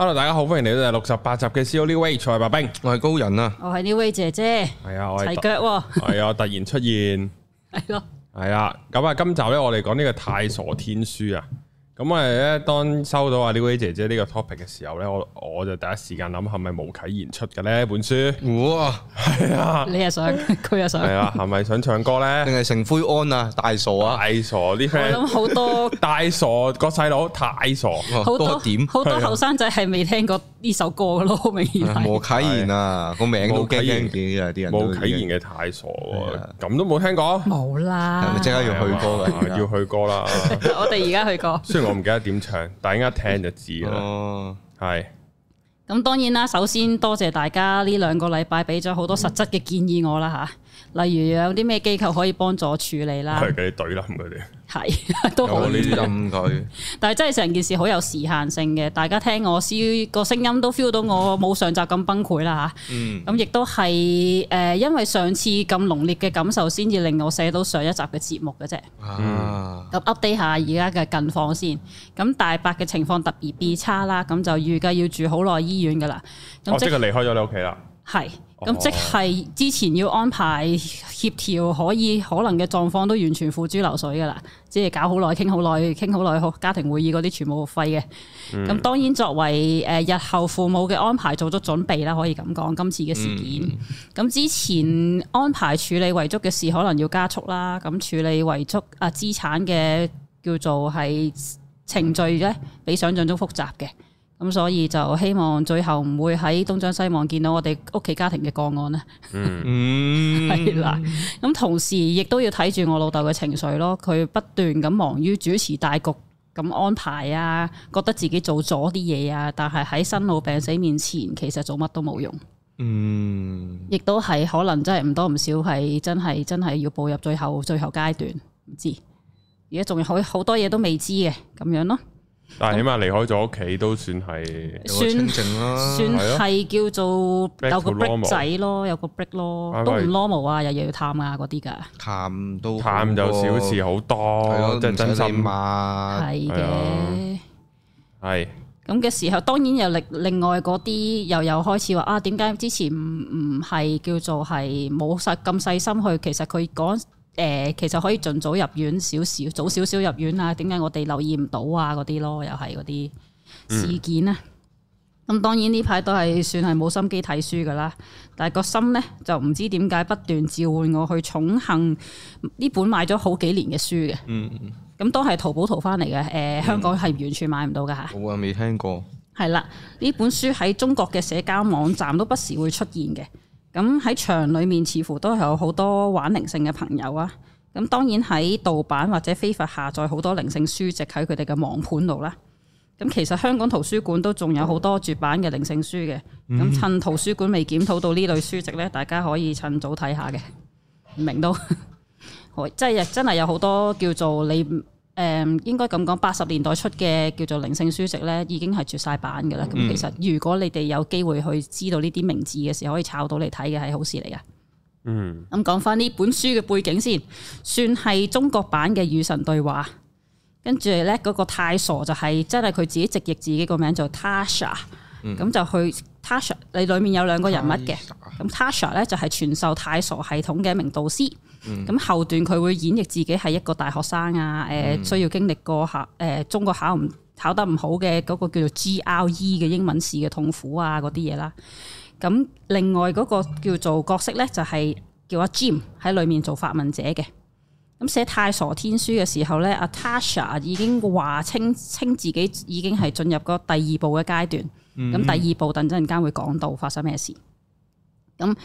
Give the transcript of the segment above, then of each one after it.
Hello，大家好，歡迎嚟到第六十八集嘅 CEO New Age 白兵，我係高人啊，我係 New Age 姐姐，係啊、哎，係啊腳、哦 哎，突然出現，係咯 的，係啊、哎，咁啊，今集咧我哋講呢個太傻天書啊。咁我哋咧，當收到啊呢位姐姐呢個 topic 嘅時候咧，我我就第一時間諗係咪無啟言出嘅咧本書？哇！係啊，你又想佢又想係啊？係咪想唱歌咧？定係成灰安啊？大傻啊！大傻啲 friend，我諗好多大傻個細佬太傻，好 多點好多後生仔係未聽過。呢首歌嘅咯，好明顯。莫啟賢啊，個名好驚啲啊，啲、啊、人都。莫啟賢嘅太傻喎，咁、啊、都冇聽過。冇啦，即、啊、刻要去歌嘅吧、啊，要去歌啦。我哋而家去歌。雖然我唔記得點唱，但係而家聽就知啦。哦，係、啊。咁當然啦，首先多謝大家呢兩個禮拜俾咗好多實質嘅建議我啦吓。嗯例如有啲咩機構可以幫助處理啦，係俾你懟冧佢哋，係都好。冧佢， 但係真係成件事好有時限性嘅。大家聽我聲個聲音都 feel 到我冇上集咁崩潰啦嚇。咁亦都係誒，因為上次咁濃烈嘅感受，先至令我寫到上一集嘅節目嘅啫。咁 update、啊嗯、下而家嘅近況先。咁大伯嘅情況特別變差啦，咁就預計要住好耐醫院噶啦。咁即係、哦、離開咗你屋企啦。係。咁、哦、即係之前要安排協調可以可能嘅狀況都完全付諸流水噶啦，即係搞好耐傾好耐傾好耐，好家庭會議嗰啲全部廢嘅。咁、嗯、當然作為誒日後父母嘅安排做足準備啦，可以咁講。今次嘅事件，咁、嗯、之前安排處理遺囑嘅事可能要加速啦。咁處理遺囑啊資產嘅叫做係程序咧，比想象中複雜嘅。咁所以就希望最後唔會喺東張西望見到我哋屋企家庭嘅個案、mm. 啦。嗯，係啦。咁同時亦都要睇住我老豆嘅情緒咯。佢不斷咁忙於主持大局咁安排啊，覺得自己做咗啲嘢啊，但係喺生老病死面前，其實做乜都冇用。嗯，亦都係可能真係唔多唔少係真係真係要步入最後最後階段，唔知而家仲有好好多嘢都未知嘅咁樣咯。但係起碼離開咗屋企都算係算啦，算係叫做有個 break 仔咯，有個 break 咯，都唔 normal 啊，日日要探啊嗰啲㗎，探都探就小事好多，真係真心啊，係嘅，係。咁嘅時候，當然又另另外嗰啲，又又開始話啊，點解之前唔唔係叫做係冇細咁細心去，其實佢講。誒，其實可以盡早入院少少，早少少入院啊？點解我哋留意唔到啊？嗰啲咯，又係嗰啲事件啊。咁、嗯、當然呢排都係算係冇心機睇書噶啦，但係個心咧就唔知點解不斷召喚我去寵幸呢本買咗好幾年嘅書嘅。嗯，咁都係淘寶淘翻嚟嘅。誒、呃，嗯、香港係完全買唔到噶。好啊，未聽過。係啦，呢本書喺中國嘅社交網站都不時會出現嘅。咁喺場裏面似乎都係有好多玩靈性嘅朋友啊！咁當然喺盜版或者非法下載好多靈性書籍喺佢哋嘅網盤度啦。咁其實香港圖書館都仲有好多絕版嘅靈性書嘅。咁趁圖書館未檢討到呢類書籍咧，大家可以趁早睇下嘅。唔明都，即 係真係有好多叫做你。誒應該咁講，八十年代出嘅叫做靈性書籍咧，已經係絕晒版嘅啦。咁、嗯、其實如果你哋有機會去知道呢啲名字嘅時候，可以抄到嚟睇嘅係好事嚟噶。嗯，咁講返呢本書嘅背景先，算係中國版嘅與神對話。跟住咧，嗰、那個太傻就係、是、真係佢自己直譯自己個名做 Tasha，咁就去 Tasha。你裡面有兩個人物嘅，咁 Tasha 咧就係傳授太傻系統嘅一名導師。咁、嗯、後段佢會演繹自己係一個大學生啊，誒、嗯、需要經歷過考誒、呃、中國考唔考得唔好嘅嗰個叫做 GRE 嘅英文試嘅痛苦啊嗰啲嘢啦。咁另外嗰個叫做角色咧就係、是、叫阿 Jim 喺裏面做發問者嘅。咁寫《太傻天書》嘅時候咧，阿、嗯啊、Tasha 已經話清清自己已經係進入個第二步嘅階段。咁第二步等陣間會講到發生咩事。咁、嗯嗯。嗯。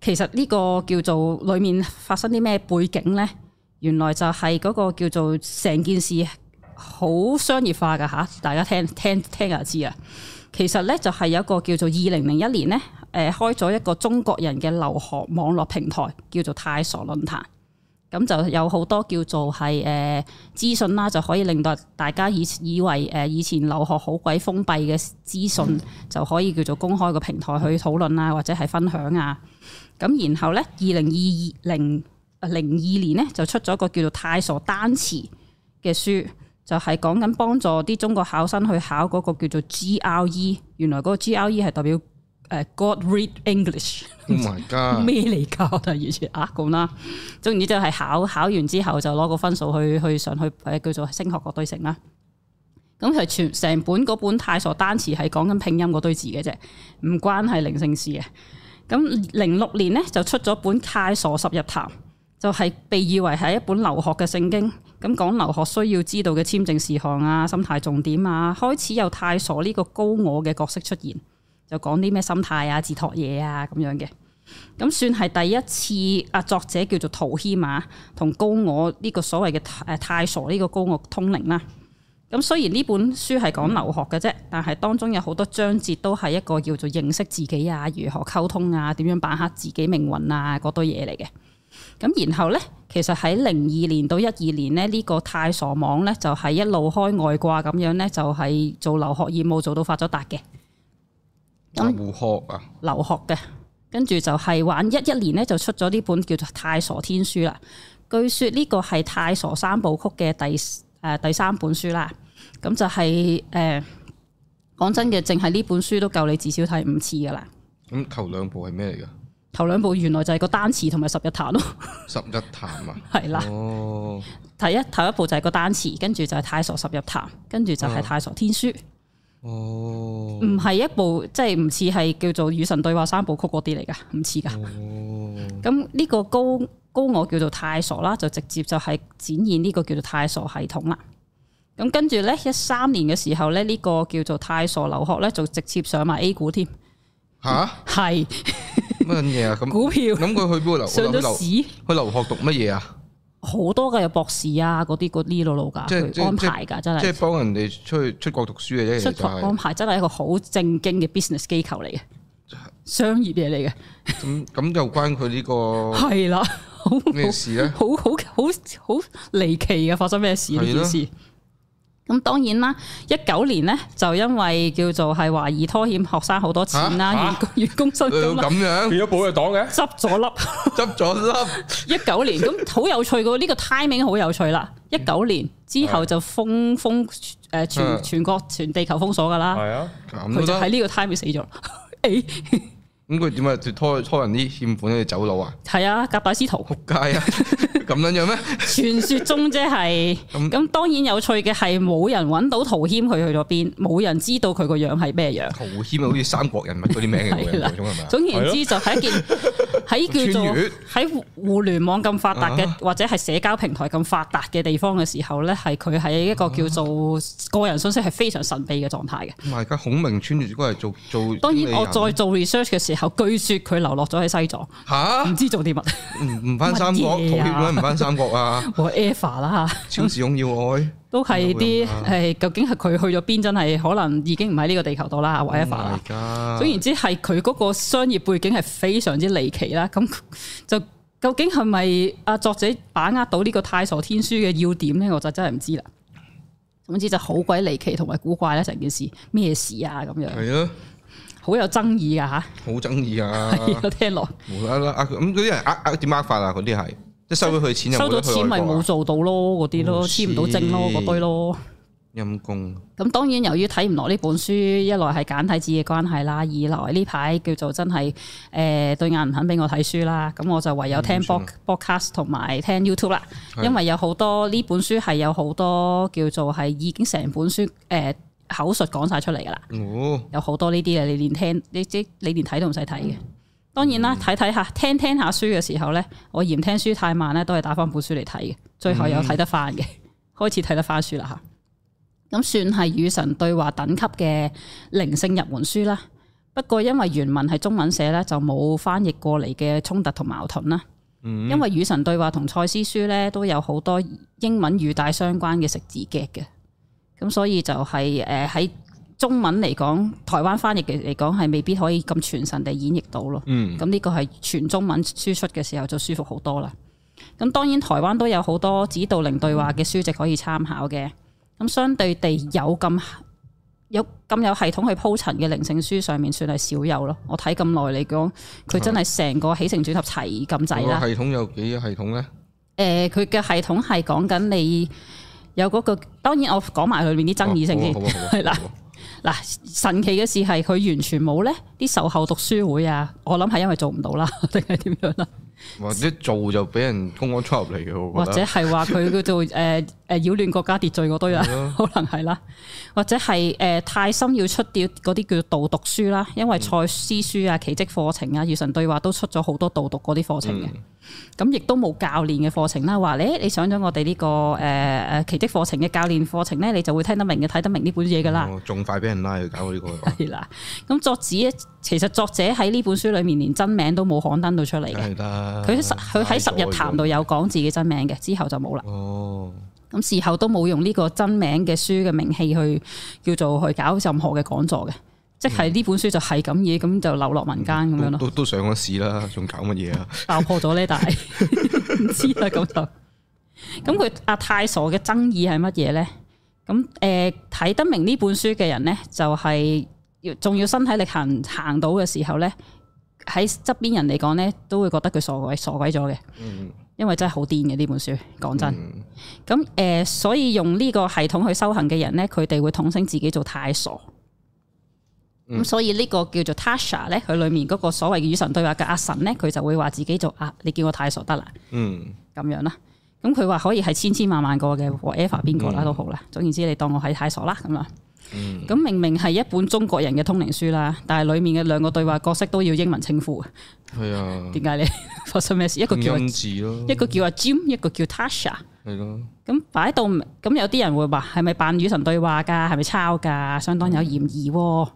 其實呢個叫做裡面發生啲咩背景呢？原來就係嗰個叫做成件事好商業化㗎吓，大家聽聽聽就知啊。其實呢，就係有一個叫做二零零一年呢，誒開咗一個中國人嘅留學網絡平台，叫做太傻論壇。咁就有好多叫做係誒、呃、資訊啦、啊，就可以令到大家以以為誒以前留學好鬼封閉嘅資訊就可以叫做公開個平台去討論啊，或者係分享啊。咁然後咧，二零二零零二年咧就出咗個叫做《太傻單詞》嘅書，就係講緊幫助啲中國考生去考嗰個叫做 GRE。原來嗰個 GRE 係代表誒、uh, God Read English。Oh my god！咩嚟㗎？完全啊咁啦。總言之就係考考完之後就攞個分數去去上去誒叫做升學嗰堆成啦。咁係全成本嗰本《太傻單詞》係講緊拼音嗰堆字嘅啫，唔關係靈性事嘅。咁零六年咧就出咗本《太傻十日談》，就係、是、被譽為係一本留學嘅聖經，咁講留學需要知道嘅簽證事項啊、心態重點啊，開始有太傻呢個高我嘅角色出現，就講啲咩心態啊、自托嘢啊咁樣嘅，咁算係第一次啊作者叫做陶謙啊，同高我呢個所謂嘅誒太傻呢個高我通靈啦、啊。咁雖然呢本書係講留學嘅啫，但係當中有好多章節都係一個叫做認識自己啊、如何溝通啊、點樣把握自己命運啊嗰堆嘢嚟嘅。咁然後呢，其實喺零二年到一二年呢，呢個太傻網呢就係一路開外掛咁樣呢，就係做留學業務做到發咗達嘅。留學啊，留學嘅，跟住就係玩一一年呢，就出咗呢本叫做《太傻天書》啦。據說呢個係《太傻三部曲》嘅第。誒、呃、第三本書啦，咁就係誒講真嘅，淨係呢本書都夠你至少睇五次噶啦。咁、嗯、頭兩部係咩嚟噶？頭兩部原來就係個單詞同埋十日談咯。十日談啊？係啦 的。哦。第一頭一部就係個單詞，跟住就係太傻十日談，跟住就係太傻天書。哦、啊。唔係一部，即係唔似係叫做與神對話三部曲嗰啲嚟噶，唔似噶。哦。咁呢個高。高我叫做太傻啦，就直接就係展現呢個叫做太傻系統啦。咁跟住咧，一三年嘅時候咧，呢、這個叫做太傻留學咧，就直接上埋 A 股添。吓係乜嘢啊？咁是麼 股票咁佢去邊度留學？上咗市去留學讀乜嘢啊？好多嘅有博士啊，嗰啲嗰啲老佬噶安排噶，真係即係幫人哋出去出國讀書嘅啫。出安排真係一個好正經嘅 business 機構嚟嘅，商業嘢嚟嘅。咁咁就關佢呢個係啦。好好好好好離奇嘅，發生咩事呢件事？咁的當然啦，一九年呢，就因為叫做係懷疑拖欠學生好多錢啦，員工、啊、工資咁、啊、樣，變咗保育黨嘅，執咗笠，執咗笠。一九年咁好有趣嘅，呢、呢個 timing 好有趣啦。一九年之後就封封誒的全全國全地球封鎖噶啦，係啊的，佢就喺呢個 timing 死咗。誒、 哎。咁佢點啊？拖拖，拖人啲欠款去走佬啊？係啊，甲板司徒，撲街啊！咁樣樣咩？ 傳説中即係咁咁， 那當然有趣嘅係冇人揾到陶謙佢去咗邊，冇人知道佢個樣係咩樣。陶謙好似三國人物嗰啲名嘅㗎、 啊，總言之，就係一件喺是、啊、 叫做喺互聯網咁發達嘅，啊、或者係社交平台咁發達嘅地方嘅時候咧，係佢喺一個叫做個人信息係非常神秘嘅狀態嘅。唔係、啊，而孔明穿如果嚟做做。當然，我再做 research 嘅時候。據說佢流落咗喺西藏，吓唔蛤知做啲乜，唔唔翻三國，同點解唔翻三國啊！我 whatever 啦，哈、啊，超市勇要愛、啊， 都係啲誒，究竟係佢去咗邊？真係可能已經唔喺呢個地球度啦，我 whatever 啦。總言之係佢嗰個商業背景係非常之離奇啦。咁就究竟係咪阿作者把握到呢個太傻天書嘅要點咧？我就真係唔知啦。總之就好鬼離奇同埋古怪啦，成件事咩事啊咁樣？係咯的。 好有爭議啊！嚇，好爭議啊！我聽落無啦啦啊，咁嗰啲人呃呃點呃法啊？嗰啲係即係收咗佢錢，收咗錢，咪冇做到咯？嗰啲咯，簽唔到證咯，嗰堆咯，陰功。咁當然由於睇唔落呢本書，一來係簡體字嘅關係啦，二來呢排叫做真係誒對眼唔肯俾我睇書啦。咁我就唯有聽 podcast 同埋聽 YouTube 啦，因為有好多呢本書係有好多叫做係已經成本書誒。呃口述講晒出嚟噶啦，哦、有好多呢啲嘅，你連聽你即你連睇都唔使睇嘅。當然啦，睇睇下，聽聽下書嘅時候咧，我嫌聽書太慢咧，都係打翻本書嚟睇嘅。最後有睇得翻嘅，嗯、 開始睇得翻書啦吓。咁算係與神對話等級嘅靈性入門書啦。不過因為原文係中文寫咧，就冇翻譯過嚟嘅衝突同矛盾啦。嗯、因為與神對話同賽斯書咧都有好多英文語帶相關嘅食字夾嘅。咁所以就係誒喺中文嚟講，台灣翻譯嘅嚟講，係未必可以咁全神地演繹到咯。嗯。咁呢個係全中文輸出嘅時候就舒服好多啦。咁當然台灣都有好多指導靈對話嘅書籍可以參考嘅。咁相對地有咁有咁有系統去鋪陳嘅靈性書上面算係少有咯。我睇咁耐嚟講，佢真係成個起承轉合齊咁滯啦。嗯、個系統有幾多系統咧？誒、呃，佢嘅系統係講緊你。有嗰、嗰個當然我講埋裏面啲爭議性先，係啦、啊，嗱、啊啊啊啊啊啊、 神奇嘅事係佢完全冇咧啲售後讀書會啊，我諗係因為做唔到啦，定係點樣啦？.或者做就俾人公安出入嚟嘅，或者係話佢叫做誒誒擾亂國家秩序嗰堆啊，的 可能係啦。或者係誒太傻要出掉嗰啲叫導讀書啦，因為賽斯書啊、奇蹟課程啊、與神對話都出咗好多導讀嗰啲課程嘅。咁亦都冇教練嘅課程啦。話你你上咗我哋、這個呃、呢個誒誒奇蹟課程嘅教練課程咧，你就會聽得明嘅，睇得明呢本嘢噶啦。仲、嗯、快俾人拉去搞呢個係啦。咁作者其實作者喺呢本書裏面連真名都冇刊登到出嚟噶。佢十佢喺十日談度有講自己真名嘅，之後就冇啦。哦，咁事後都冇用呢個真名嘅書嘅名氣去叫做去搞任何嘅講座嘅，嗯、即係呢本書就係咁嘢，咁就流落民間咁樣咯。都都上咗市啦，仲搞乜嘢啊？爆破咗呢，但係唔知啦咁就。咁佢阿太傻嘅爭議係乜嘢咧？咁誒睇得明呢本書嘅人咧，就係要仲要身體力行行到嘅時候咧。喺側邊人嚟講咧，都會覺得佢傻鬼傻鬼咗嘅，嗯、因為真係好癲嘅呢本書。講真，咁誒、嗯呃，所以用呢個系統去修行嘅人咧，佢哋會統稱自己做太傻。咁、嗯、所以呢個叫做 Tasha 咧，佢裏面嗰個所謂嘅與神對話嘅阿神咧，佢就會話自己做啊，你叫我太傻得啦、嗯。嗯，咁樣啦。咁佢話可以係千千萬萬,萬個嘅 whatever 邊個啦都好啦。嗯、總言之，你當我係太傻啦咁啊。咁、嗯、明明係一本中國人嘅通靈書啦，但係裏面嘅兩個對話角色都要英文稱呼，係啊？點解咧？ 發生咩事？字一個叫阿咯，啊、一個叫阿 Jim，一個叫 Tasha，係咯。咁擺、啊、到咁有啲人會話係咪扮與神對話噶？係咪抄噶？相當有嫌疑。咁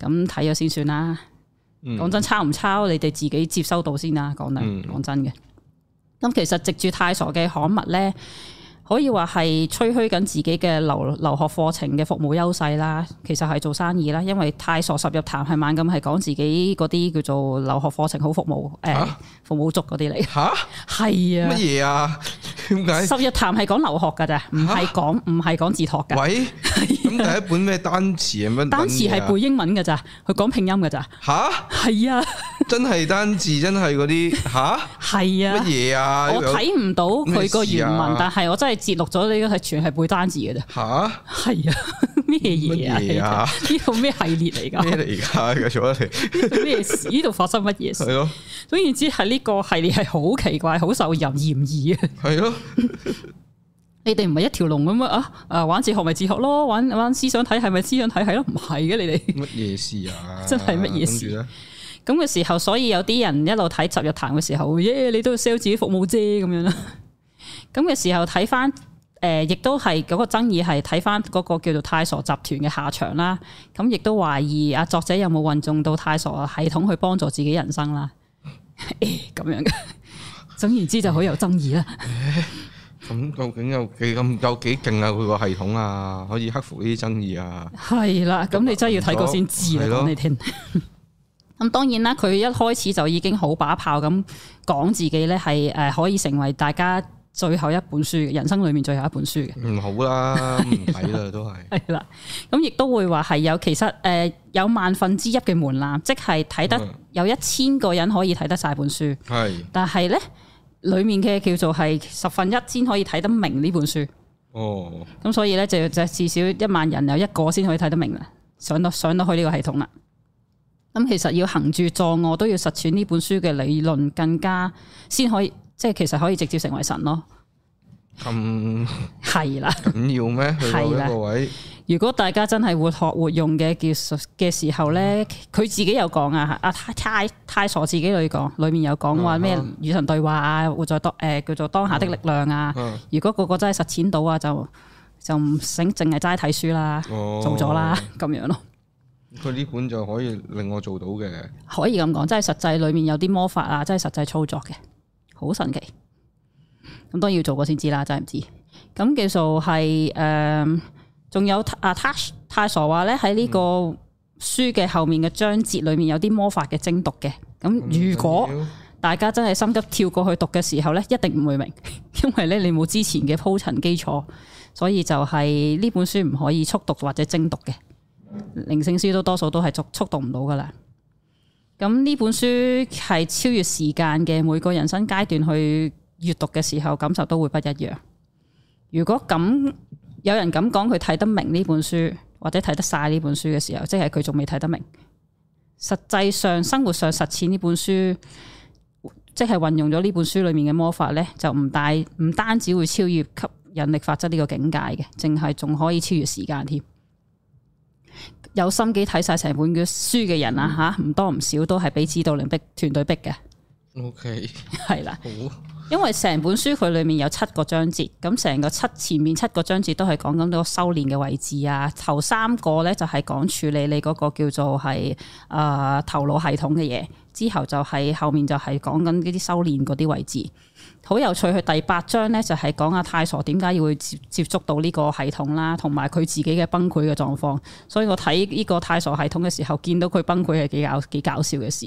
睇咗先算啦。講、嗯、真，抄唔抄你哋自己接收到先啦。講真，講、嗯、真嘅。咁其實藉住太傻嘅刊物咧。可以話係吹噓緊自己嘅留留學課程嘅服務優勢啦，其實係做生意啦，因為太傻十日談係猛咁係講自己嗰啲叫做留學課程好服務，誒、啊欸、服務足嗰啲嚟。嚇係啊，乜嘢啊？點解、啊、十日談係講留學㗎咋？唔係講唔係、啊、講自學㗎。喂。 咁第一本咩單詞係咩？單詞係背英文噶咋？佢講拼音噶咋？吓？係啊！真係單字，真係嗰啲吓？係啊！乜嘢啊？我睇唔到佢個原文，但係我真係截錄咗呢個係全係背單詞噶咋？吓？係啊！咩嘢啊？呢度咩系列嚟噶？咩嚟噶？呢度咩事？呢度發生乜嘢事？係咯。總然之係呢個系列係好奇怪，好受人嫌疑啊！係咯。你哋唔係一條龍咁啊？啊，玩自學咪自學咯，玩玩思想體系咪思想體系咯？唔係嘅，你哋乜嘢事啊？ 真係乜嘢事啊？咁嘅時候，所以有啲人一路睇集日談嘅時候，耶、yeah,，你都 sell 自己服務啫，咁樣啦、啊。咁嘅時候睇翻，誒、呃，亦都係嗰、那個爭議係睇翻嗰個叫做太傻集團嘅下場啦。咁、啊、亦都懷疑阿、啊、作者有冇運用到太傻系統去幫助自己人生啦？誒、啊，咁樣嘅。總言之，就好有爭議啦、 啊。咁究竟有幾咁有幾勁啊？佢個系統啊，可以克服呢啲爭議啊？係啦，咁你真係要睇過先知你講的你聽。咁 當然啦，佢一開始就已經好把炮咁講自己咧，係誒可以成為大家最後一本書，人生裏面最後一本書嘅。唔好啦，唔睇啦，都係。係啦，咁亦都會話係有，其實誒有萬分之一嘅門檻，即係睇得有一千個人可以睇得晒本書。係的，但係咧。裏面嘅叫做係十分一先可以睇得明呢本書哦，咁所以咧就就至少一萬人有一個先可以睇得明啦，上到上到去呢個系統啦。咁、嗯、其實要行住助我都要實踐呢本書嘅理論，更加先可以即係其實可以直接成為神咯。咁係、嗯、啦，緊要咩？係啦各位。如果大家真係活學活用嘅技術嘅時候呢，佢自己有講啊，阿太太傻自己裏講，裏面有講話咩與神對話啊，活在當誒叫做當下的力量啊。啊如果個個真係實踐到啊，就就唔醒淨係齋睇書啦，做咗啦咁樣咯。佢呢本就可以令我做到嘅，可以咁講，真係實際裏面有啲魔法啊，真係實際操作嘅，好神奇。咁當然要做過先知啦，真係唔知。咁叫做係誒。呃仲有啊太太傻話咧，喺呢個書嘅後面嘅章節裏面有啲魔法嘅精讀嘅，咁如果大家真係心急跳過去讀嘅時候呢，一定唔會明，因為咧你冇之前嘅鋪陳基礎，所以就係呢本書唔可以速讀或者精讀嘅，靈性書多數都多數都係速速讀唔到噶啦。咁呢本書係超越時間嘅，每個人生階段去閱讀嘅時候感受都會不一樣。如果咁。有人咁講佢睇得明呢本書或者睇得晒呢本書嘅時候，即係佢仲未睇得明。實際上生活上實踐呢本書，即係運用咗呢本書裏面嘅魔法呢，就唔大唔單止會超越吸引力法則呢個境界嘅，淨係仲可以超越時間添。有心機睇晒成本嘅書嘅人啊，吓唔多唔少都係俾指導令逼團隊逼嘅。OK，係啦。Okay. 的因為成本書佢裏面有七個章節，咁成個七前面七個章節都係講緊嗰個修煉嘅位置啊，頭三個呢，就係講處理你嗰個叫做係誒、呃、頭腦系統嘅嘢，之後就係、是、後面就係講緊呢啲修煉嗰啲位置。好有趣，佢第八章咧就係講阿太傻點解要去接接觸到呢個系統啦，同埋佢自己嘅崩潰嘅狀況。所以我睇呢個太傻系統嘅時候，見到佢崩潰係幾搞幾搞笑嘅事。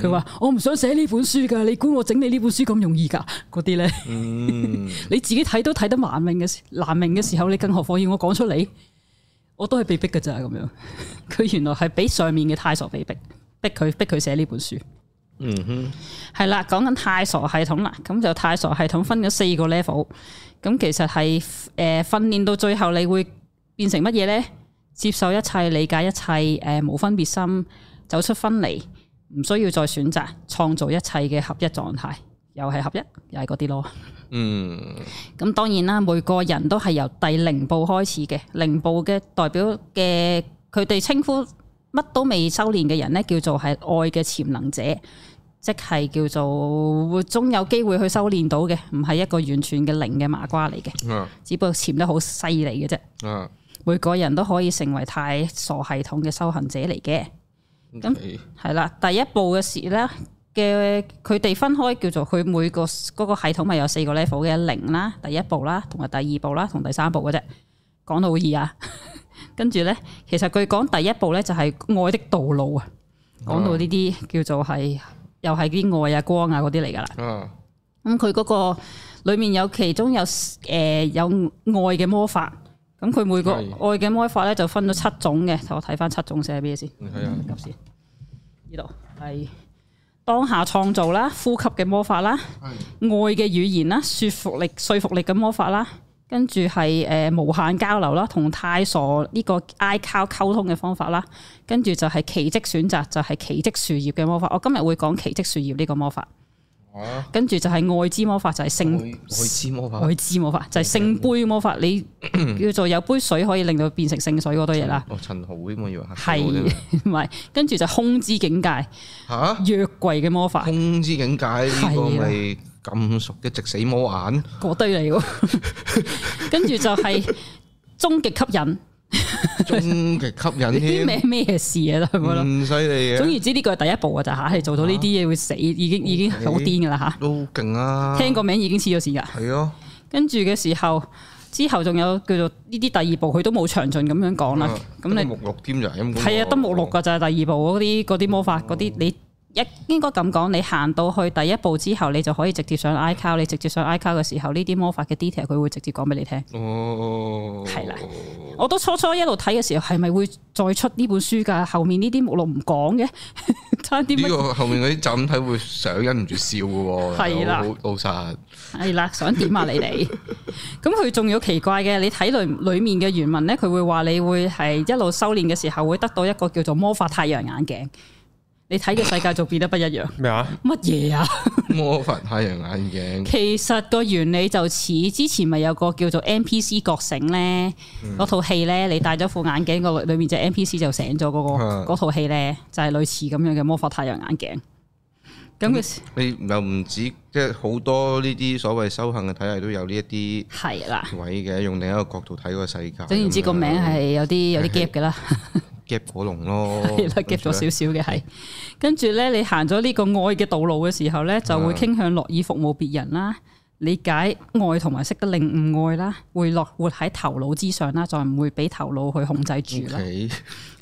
佢話、嗯、我唔想寫呢本書噶，你估我整理呢本書咁容易噶？嗰啲咧，嗯、 你自己睇都睇得難命嘅，難明嘅時候，你更何況要我講出嚟，我都係被逼噶咋咁樣。佢 原來係俾上面嘅太傻被逼，逼佢逼佢寫呢本書。嗯哼，係啦，mm，講、hmm。緊太傻系統啦，咁就太傻系統分咗四個 level，咁其實係誒訓練到最後你會變成乜嘢呢？接受一切，理解一切，誒、呃、冇分別心，走出分離，唔需要再選擇，創造一切嘅合一狀態，又係合一，又係嗰啲咯。嗯、mm，咁、hmm。當然啦，每個人都係由第零步開始嘅，零步嘅代表嘅佢哋稱呼。乜都未修練嘅人呢，叫做係愛嘅潛能者，即係叫做終有機會去修練到嘅，唔係一個完全嘅零嘅麻瓜嚟嘅。啊、只不過潛得好犀利嘅啫。啊、每個人都可以成為太傻系統嘅修行者嚟嘅，咁係啦。第一步嘅時呢，嘅，佢哋分開叫做佢每個嗰、嗰個系統咪有四個 level 嘅零啦，第一步啦，同埋第二步啦，同第三步嘅啫。講到好易啊！跟住咧，其實佢講第一步咧就係愛的道路啊，講到呢啲叫做係又係啲愛啊、光啊嗰啲嚟㗎啦。咁佢嗰個裏面有其中有誒、呃、有愛嘅魔法，咁佢每個愛嘅魔法咧就分咗七種嘅。的我睇翻七種寫咩先？你睇下，先、嗯。呢度係當下創造啦，呼吸嘅魔法啦，的愛嘅語言啦，說服力說服力嘅魔法啦。跟住係誒無限交流啦，同太傻呢個 I call 溝通嘅方法啦。跟住就係奇蹟選擇，就係奇蹟樹葉嘅魔法。我今日會講奇蹟樹葉呢個魔法。哇跟住就係愛之魔法，就係聖愛之魔法。愛之魔法就係、是、聖杯魔法，嗯、你叫做有杯水可以令到變成聖水嗰堆嘢啦。哦，陳豪添我以為嚇我是。係唔係？ 跟住就空之境界吓？約蛤櫃嘅魔法。空之境界呢咁熟嘅直死魔眼，嗰堆嚟喎。跟住就係終極吸引，終極吸引。啲名咩事啊？都咁咯，咁犀利。總而之，呢個係第一步啊！就吓，你做到呢啲嘢會死，已經已經好癲噶啦吓，都勁啊！聽個名已經黐咗事㗎。係啊。跟住嘅時候，之後仲有叫做呢啲第二步，佢都冇詳盡咁樣講啦。咁你目錄添就係咁。係啊，得目錄㗎就係第二步嗰啲啲魔法嗰啲你。一應該咁講，你行到去第一步之後，你就可以直接上 iCar，你直接上 iCar 嘅時候，呢啲魔法嘅 detail 佢會直接講俾你聽。哦，係啦，我都初初一路睇嘅時候，係咪會再出呢本書噶？後面呢啲目錄唔講嘅， 差啲咩？呢個後面嗰啲就咁睇會想忍唔住笑嘅喎。係啦的，老實的。係啦，想點啊你？ 你哋咁佢仲要奇怪嘅，你睇內裡面嘅原文咧，佢會話你會係一路修練嘅時候會得到一個叫做魔法太陽眼鏡。你睇嘅世界就變得不一樣。咩啊麼？乜嘢啊？魔法太陽眼鏡。 其實個原理就似之前咪有個叫做 NPC 覺醒咧，套戲咧，你戴咗副眼鏡個裏面隻 NPC 就醒咗、那個，嗰個套戲咧就係、是、類似咁樣嘅魔法太陽眼鏡。咁佢你又唔止即係好多呢啲所謂修行嘅體系都有呢一啲係啦位嘅，的用另一個角度睇個世界。總之個名係有啲有啲 gap 嘅啦。的 夾果龍咯，係啦，夾咗少少嘅係，跟住咧你行咗呢個愛嘅道路嘅時候咧，就會傾向樂意服務別人啦，理解愛同埋識得領悟愛啦，會落活喺頭腦之上啦，就唔會俾頭腦去控制住啦。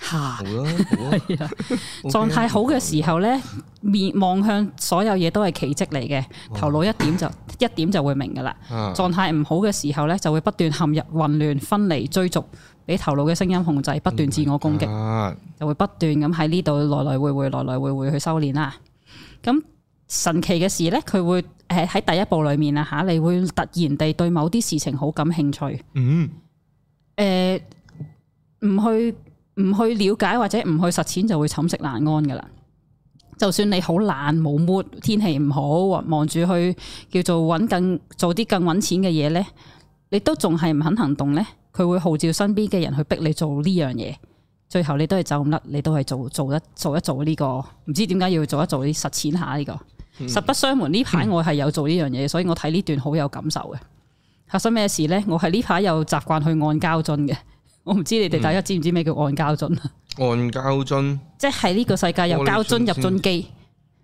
吓、okay，好啦，係啦， 狀態好嘅 時候咧，面望 向所有嘢都係奇迹嚟嘅，頭腦一點就一點哇就會明噶啦。狀態唔好嘅時候咧，就會不斷陷入混亂、分離、追逐。你頭腦嘅聲音控制不斷自我攻擊，就會不斷咁喺呢度來來回回、來來回回去修煉啦。咁神奇嘅事呢，佢會誒喺第一步裏面啊吓，你會突然地對某啲事情好感興趣。嗯，誒、呃，唔去唔去了解或者唔去實踐就會寢食難安噶啦。就算你好懶冇 m 天氣唔好，望住去叫做搵更做啲更搵錢嘅嘢呢，你都仲係唔肯行動呢？佢會號召身邊嘅人去逼你做呢樣嘢，最後你都係走唔甩，你都係做做一，做一做一做呢個，唔知點解要做一做啲實踐下呢、這個。嗯、實不相瞞，呢排我係有做呢樣嘢，所以我睇呢段好有感受嘅。發生咩事呢？我係呢排有習慣去按膠樽嘅，我唔知你哋大家知唔知咩叫按膠樽、嗯、按膠樽即係呢個世界有膠樽入樽機。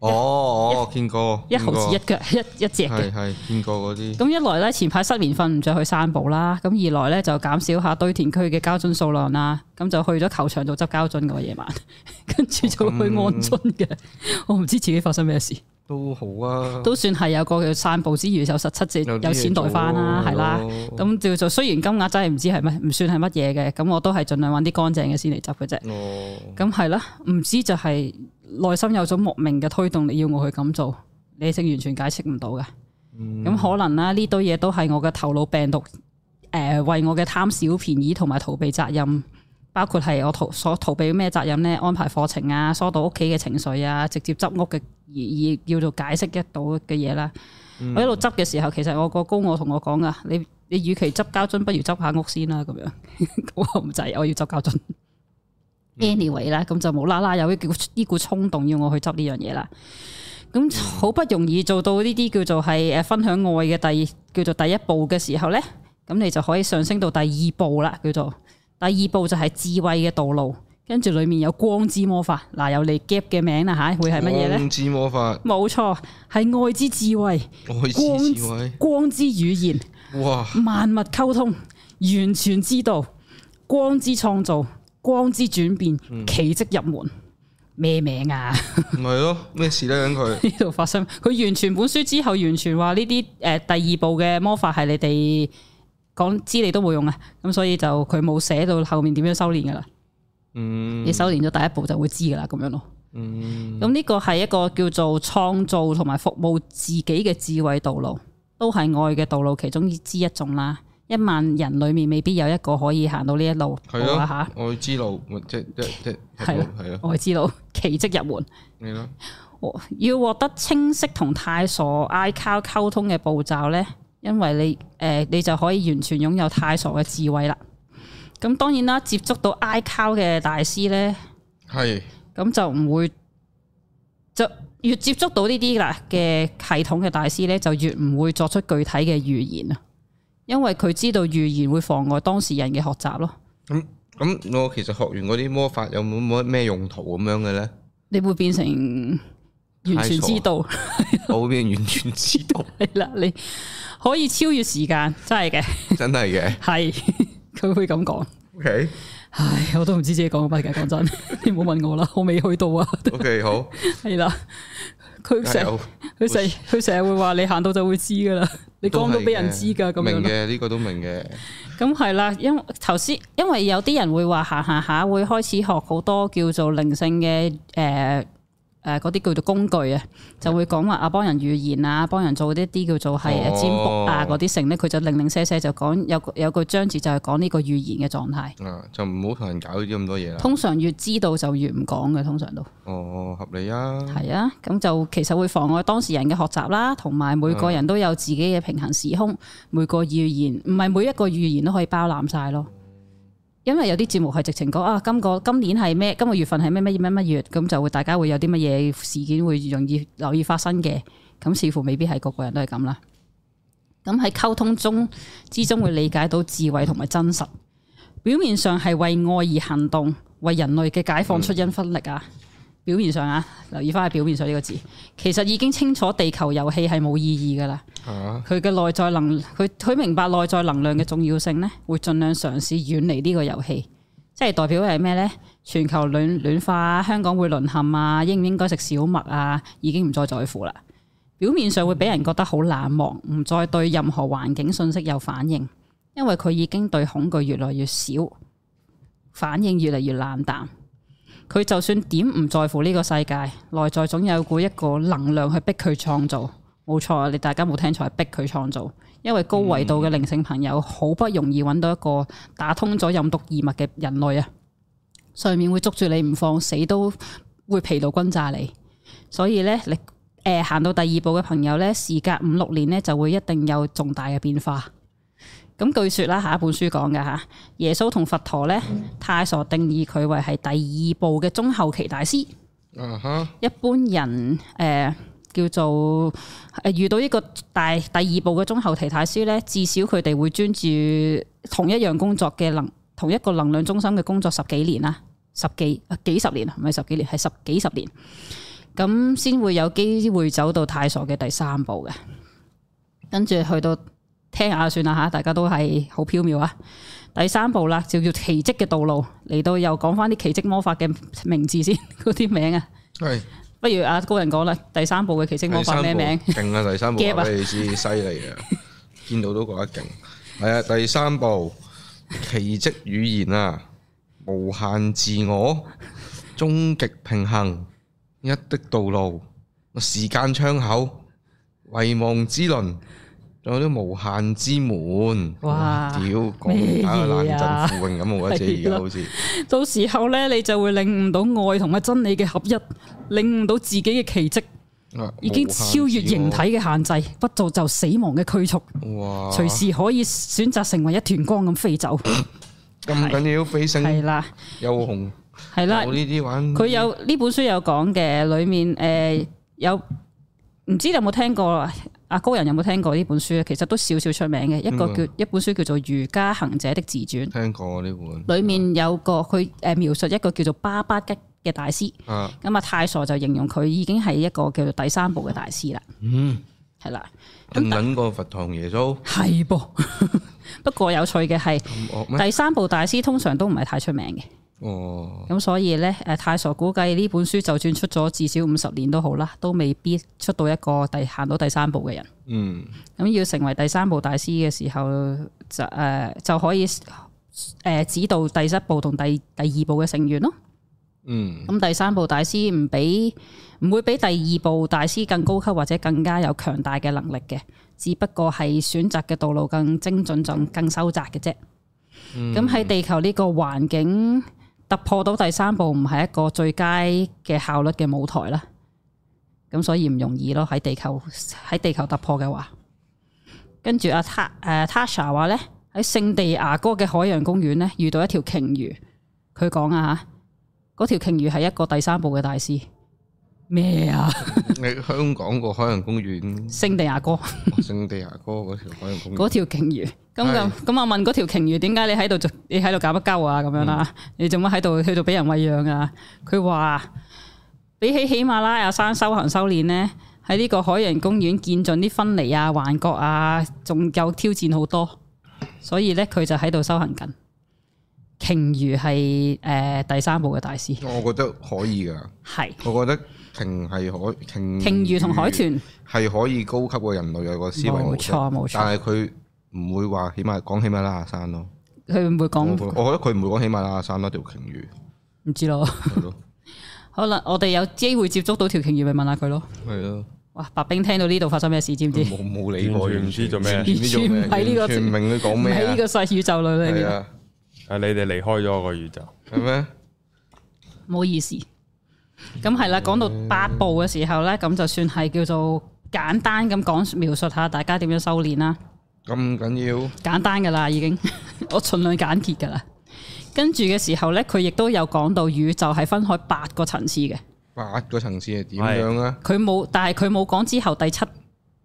哦哦，見、喔、1, 過，一毫子一腳一一隻嘅，係係見過嗰啲。咁一來咧，前排失眠瞓唔着去散步啦；咁二來咧，就減少下堆填區嘅膠樽數量啦。咁就去咗球場度執膠樽個夜晚，跟住就去安樽嘅。哦嗯、我唔知自己發生咩事，都好啊，都算係有個叫散步之餘，有十七隻，有錢袋翻啦，係啦吧。咁就做，雖然金額真係唔知係咩，唔算係乜嘢嘅。咁我都係盡量揾啲乾淨嘅先嚟執嘅啫。咁係啦，唔知就係。內心有種莫名嘅推動力，要我去咁做，理性完全解釋唔到嘅。咁、嗯、可能啦、啊，呢堆嘢都係我嘅頭腦病毒，誒、呃，為我嘅貪小便宜同埋逃避責任，包括係我逃所逃避咩責任咧？安排課程啊，疏導屋企嘅情緒啊，直接執屋嘅而而叫做解釋得到嘅嘢啦。嗯、我一路執嘅時候，其實我個高我同我講噶，你你與其執膠樽，不如執下屋先啦，咁樣 我唔制，我要執膠樽。Anyway 啦，咁就無啦啦有呢股呢股衝動要我去執呢樣嘢啦。咁好不容易做到呢啲叫做係誒分享愛嘅第叫做第一步嘅時候呢，咁你就可以上升到第二步啦。叫做第二步就係智慧嘅道路，跟住裏面有光之魔法。嗱、啊，有你 Gap 嘅名啦吓、啊，會係乜嘢呢？光之魔法，冇錯，係愛之智慧，之智慧光之，光之語言，哇，萬物溝通，完全知道，光之創造。光之轉變，奇蹟入門，咩名啊？唔係咯，咩事咧？咁佢呢度發生，佢完全本書之後，完全話呢啲誒第二步嘅魔法係你哋講知你都冇用啊！咁所以就佢冇寫到後面點樣修煉噶啦。嗯，你修煉咗第一步就會知噶啦，咁樣咯。嗯，咁呢個係一個叫做創造同埋服務自己嘅智慧道路，都係愛嘅道路其中之一種啦。一萬人裏面未必有一個可以行到呢一路啦吓！了我會知道，即即係咯，係咯，我會知道，了奇蹟入門。了要獲得清晰同太傻 ICO 溝通嘅步驟呢？因為你誒、呃，你就可以完全擁有太傻嘅智慧啦。咁當然啦，接觸到 ICO 嘅大師呢，係咁是就唔會，就越接觸到呢啲啦嘅系統嘅大師呢，就越唔會作出具體嘅預言啊！因為佢知道預言會妨礙當事人嘅學習咯。咁咁，我其實學完嗰啲魔法有冇冇咩用途咁樣嘅咧？你會變成完全知道？ 我會變完全知道。係啦，你可以超越時間，真係嘅，真係嘅。係佢 會咁講。OK，唉，我都唔知自己講乜嘅，講真，你唔好問我啦，我未去到啊。OK，好，係啦。 佢成佢成佢成日會話你行到就會知噶啦， 你講到俾人知噶咁樣。明嘅呢、這個都明嘅。咁係啦，因為頭先因為有啲人會話行行下會開始學好多叫做靈性嘅誒。呃誒，嗰啲、啊、叫做工具啊，就會講話啊幫人預言啊，幫人做一啲叫做係占卜啊嗰啲成咧，佢就零零舍舍就講有有個章節就係講呢個預言嘅狀態。就唔好同人搞啲咁多嘢啦。通常越知道就越唔講嘅，通常都。哦，合理啊。係啊，咁就其實會妨礙當事人嘅學習啦，同埋每個人都有自己嘅平行時空，的每個預言唔係每一個預言都可以包攬晒咯。因為有啲節目係直情講啊，今個今年係咩？今個月份係咩咩咩乜月？咁就會大家會有啲乜嘢事件會容易留意發生嘅。咁似乎未必係個個人都係咁啦。咁喺溝通中之中會理解到智慧同埋真實。表面上係為愛而行動，為人類嘅解放出一分力啊！表面上啊，留意翻係表面上呢個字，其實已經清楚地球遊戲係冇意義噶啦。佢嘅內在能，佢佢明白內在能量嘅重要性呢，會盡量嘗試遠離呢個遊戲。即係代表係咩呢？全球暖暖化，香港會淪陷啊？應唔應該食小麥啊？已經唔再在乎啦。表面上會俾人覺得好冷漠，唔再對任何環境信息有反應，因為佢已經對恐懼越來越少，反應越嚟越冷淡。佢就算點唔在乎呢個世界，內在總有股一個能量去逼佢創造，冇錯你大家冇聽錯，係逼佢創造，因為高維度嘅靈性朋友好不容易揾到一個打通咗任督二脈嘅人類啊，上面會捉住你唔放，死都會疲勞轟炸你。所以咧，你誒行到第二步嘅朋友咧，時隔五六年咧，就會一定有重大嘅變化。咁據說啦，下一本書講嘅吓，耶穌同佛陀咧，太傻，定義佢為係第二步嘅中後期大師。嗯哼、uh，huh. 一般人誒、呃、叫做誒、呃、遇到一個大第二步嘅中後期大師咧，至少佢哋會專注同一樣工作嘅能同一個能量中心嘅工作十幾年啦，十幾、啊、幾十年啊，唔係十幾年，係十幾十年。咁先會有機會走到太傻嘅第三步嘅，跟住去到。聽下算啦吓，大家都係好縹緲啊！第三部啦，就叫奇迹嘅道路嚟到又講翻啲奇迹魔法嘅名字先，嗰啲名啊。係，不如阿高人講啦，第三部嘅奇迹魔法咩名？勁啊！第三部我哋知犀利啊，見到都覺得勁。係、哎、啊，第三部奇迹語言啊，無限自我、終極平衡、一的道路、時間窗口、遺忘之輪。仲有啲無限之門，哇！屌，咁下爛陣扶榮咁，我覺得而家好似到時候咧，你就會領悟到愛同埋真理嘅合一，領悟到自己嘅奇蹟，已經超越形體嘅限制，哦、不做就死亡嘅拘束，隨哇時可以選擇成為一團光咁飛走。咁緊 要飛升係、這個、啦，有紅係啦，呢啲玩佢有呢本書有講嘅，裏面誒有唔知你有冇聽過。阿高人有冇聽過呢本書咧？其實都少少出名嘅，一個叫一本書叫做《瑜伽行者的自傳》。聽過呢、啊、本。裏面有個佢誒描述一個叫做巴巴吉嘅大師。咁啊，太傻就形容佢已經係一個叫做第三部嘅大師、嗯、啦。嗯。係啦。等過佛堂耶穌。係噃是吧。 不過有趣嘅係，第三部大師通常都唔係太出名嘅。哦，咁、oh. 所以咧，誒，太傻估計呢本書就算出咗至少五十年都好啦，都未必出到一個第行到第三步嘅人。嗯，咁要成為第三步大師嘅時候，就誒、呃、就可以誒指導第一步同第第二步嘅成員咯。嗯，咁第三步大師唔比唔會比第二步大師更高級或者更加有強大嘅能力嘅，只不過係選擇嘅道路更精準、更更收窄嘅啫。咁喺、mm. 地球呢個環境。突破到第三步唔係一個最佳嘅效率嘅舞台啦，咁所以唔容易咯。喺地球喺地球突破嘅話，跟住阿 Tasha 話咧喺聖地亞哥嘅海洋公園咧遇到一條鯨魚，佢講啊，嗰條鯨魚係一個第三步嘅大師。咩啊？你香港個海洋公園聖地亞哥，聖地亞哥嗰條海洋公，嗰條鯨魚咁就咁啊！問嗰條鯨魚點解你喺度你喺度搞不鳩啊？咁樣啦，你做乜喺度去到俾人餵養啊？佢話比起喜馬拉雅山修行修煉呢，喺呢個海洋公園見盡啲分離啊、幻覺啊，仲有挑戰好多，所以呢，佢就喺度修行緊。鯨魚係誒、呃、第三部嘅大師，我覺得可以噶，係我覺得。鯨係海，鯨，鯨魚同海豚係可以高級過人類，有個思維，冇錯，冇錯，但係佢唔會話起碼講喜馬拉雅山咯。佢唔會講，我覺得佢唔會講喜馬拉雅山咯條鯨魚。唔知咯，好啦我哋有機會接觸到條鯨魚咪問下佢咯。係咯，哇！白兵聽到呢度發生咩事，知唔知？冇冇理過，唔知做咩，喺呢個，唔明佢講咩，喺呢個細宇宙裏邊。係你哋離開咗個宇宙，係咩？冇意思。咁係啦，講到八步嘅時候咧，咁就算係叫做簡單咁講描述下大家點樣修練啦。咁緊要？簡單噶啦，已經， 我盡量簡潔噶啦。跟住嘅時候咧，佢亦都有講到宇宙係分開八個層次嘅。八個層次係點樣咧？佢冇的，但係佢冇講之後第七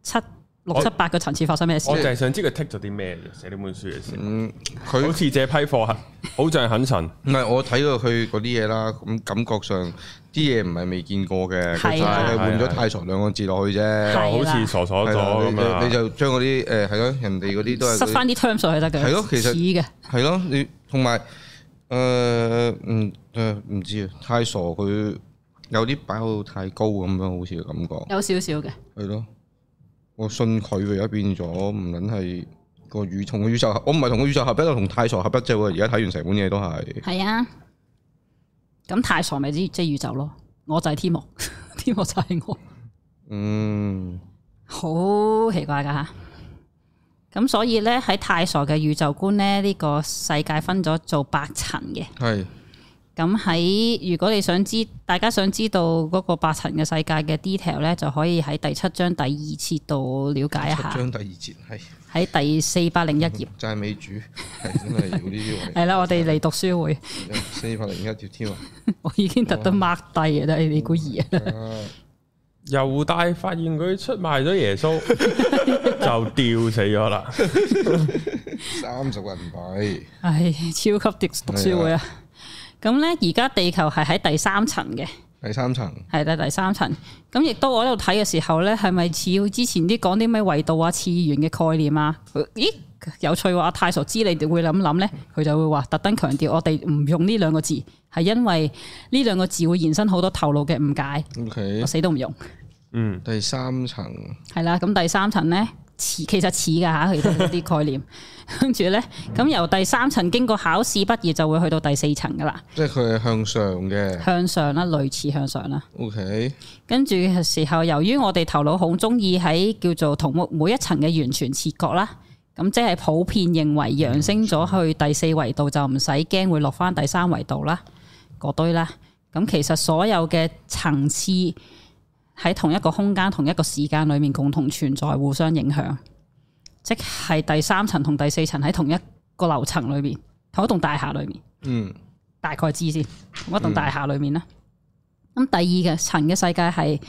七。六七八個層次發生咩事？我就係想知佢剔咗啲咩啫，寫呢本書嘅先。佢、嗯、好似這批貨，好像很神。唔係， 我睇過佢嗰啲嘢啦，咁感覺上啲嘢唔係未見過嘅，啊、其就係換咗太傻兩個字落去啫，啊、就好似傻傻咁、啊、樣你。你就將嗰啲誒係咯，人哋嗰啲都係。塞翻啲 term 上去得嘅。係咯、啊，其實嘅。係咯的、啊，你同埋誒嗯誒唔、呃呃呃、知啊，太傻佢有啲擺好太高咁樣，好似感覺有少少嘅。係咯。.我信佢嘅而家變咗，唔論係個宇同個宇宙，我唔係同個宇宙合一，我同太傻合一啫喎！而家睇完成本嘢都係係啊，咁太傻咪即即係宇宙咯，我就係天魔，天魔就係我，嗯，好奇怪噶吓，咁所以咧喺太傻嘅宇宙觀咧，呢個世界分咗做八層嘅。咁喺如果你想知，大家想知道嗰個八層嘅世界嘅 detail 咧，就可以喺第七章第二節度了解一下。章第二節係喺第四百零一頁。讚、嗯、美主係真係有啲係啦，我哋嚟讀書會。四百零一節添啊！我已經特登 mark 低啊，但你估二啊？猶 大發現佢出賣咗耶穌， 就吊死咗啦。三 十銀幣，係、哎、超級讀讀書會啊！咁咧，而家地球係喺第三層嘅。第三層係啦，第三層。咁亦都我喺度睇嘅時候咧，係咪似之前啲講啲咩維度啊、次元嘅概念啊？咦，有趣喎！太傻知你哋會諗諗咧，佢就會話特登強調我哋唔用呢兩個字，係因為呢兩個字會延伸好多頭腦嘅誤解。OK，我死都唔用。嗯，第三層係啦，咁第三層咧。似其實似噶吓，佢哋啲概念，跟住 呢，咁由第三層經過考試畢業，就會去到第四層噶啦。即係佢係向上嘅，向上啦，類似向上啦。O Okay . K，跟住時候，由於我哋頭腦好中意喺叫做同每一層嘅完全切割啦，咁即係普遍認為揚升咗去第四維度就唔使驚會落翻第三維度啦，嗰堆啦。咁其實所有嘅層次。喺同一個空間同一個時間裏面共同存在，互相影響，即係第三層同第四層喺同一個樓層裏面，同一棟大廈裏面。嗯，大概知先。同一棟大廈裏面啦。咁、嗯、第二嘅層嘅世界係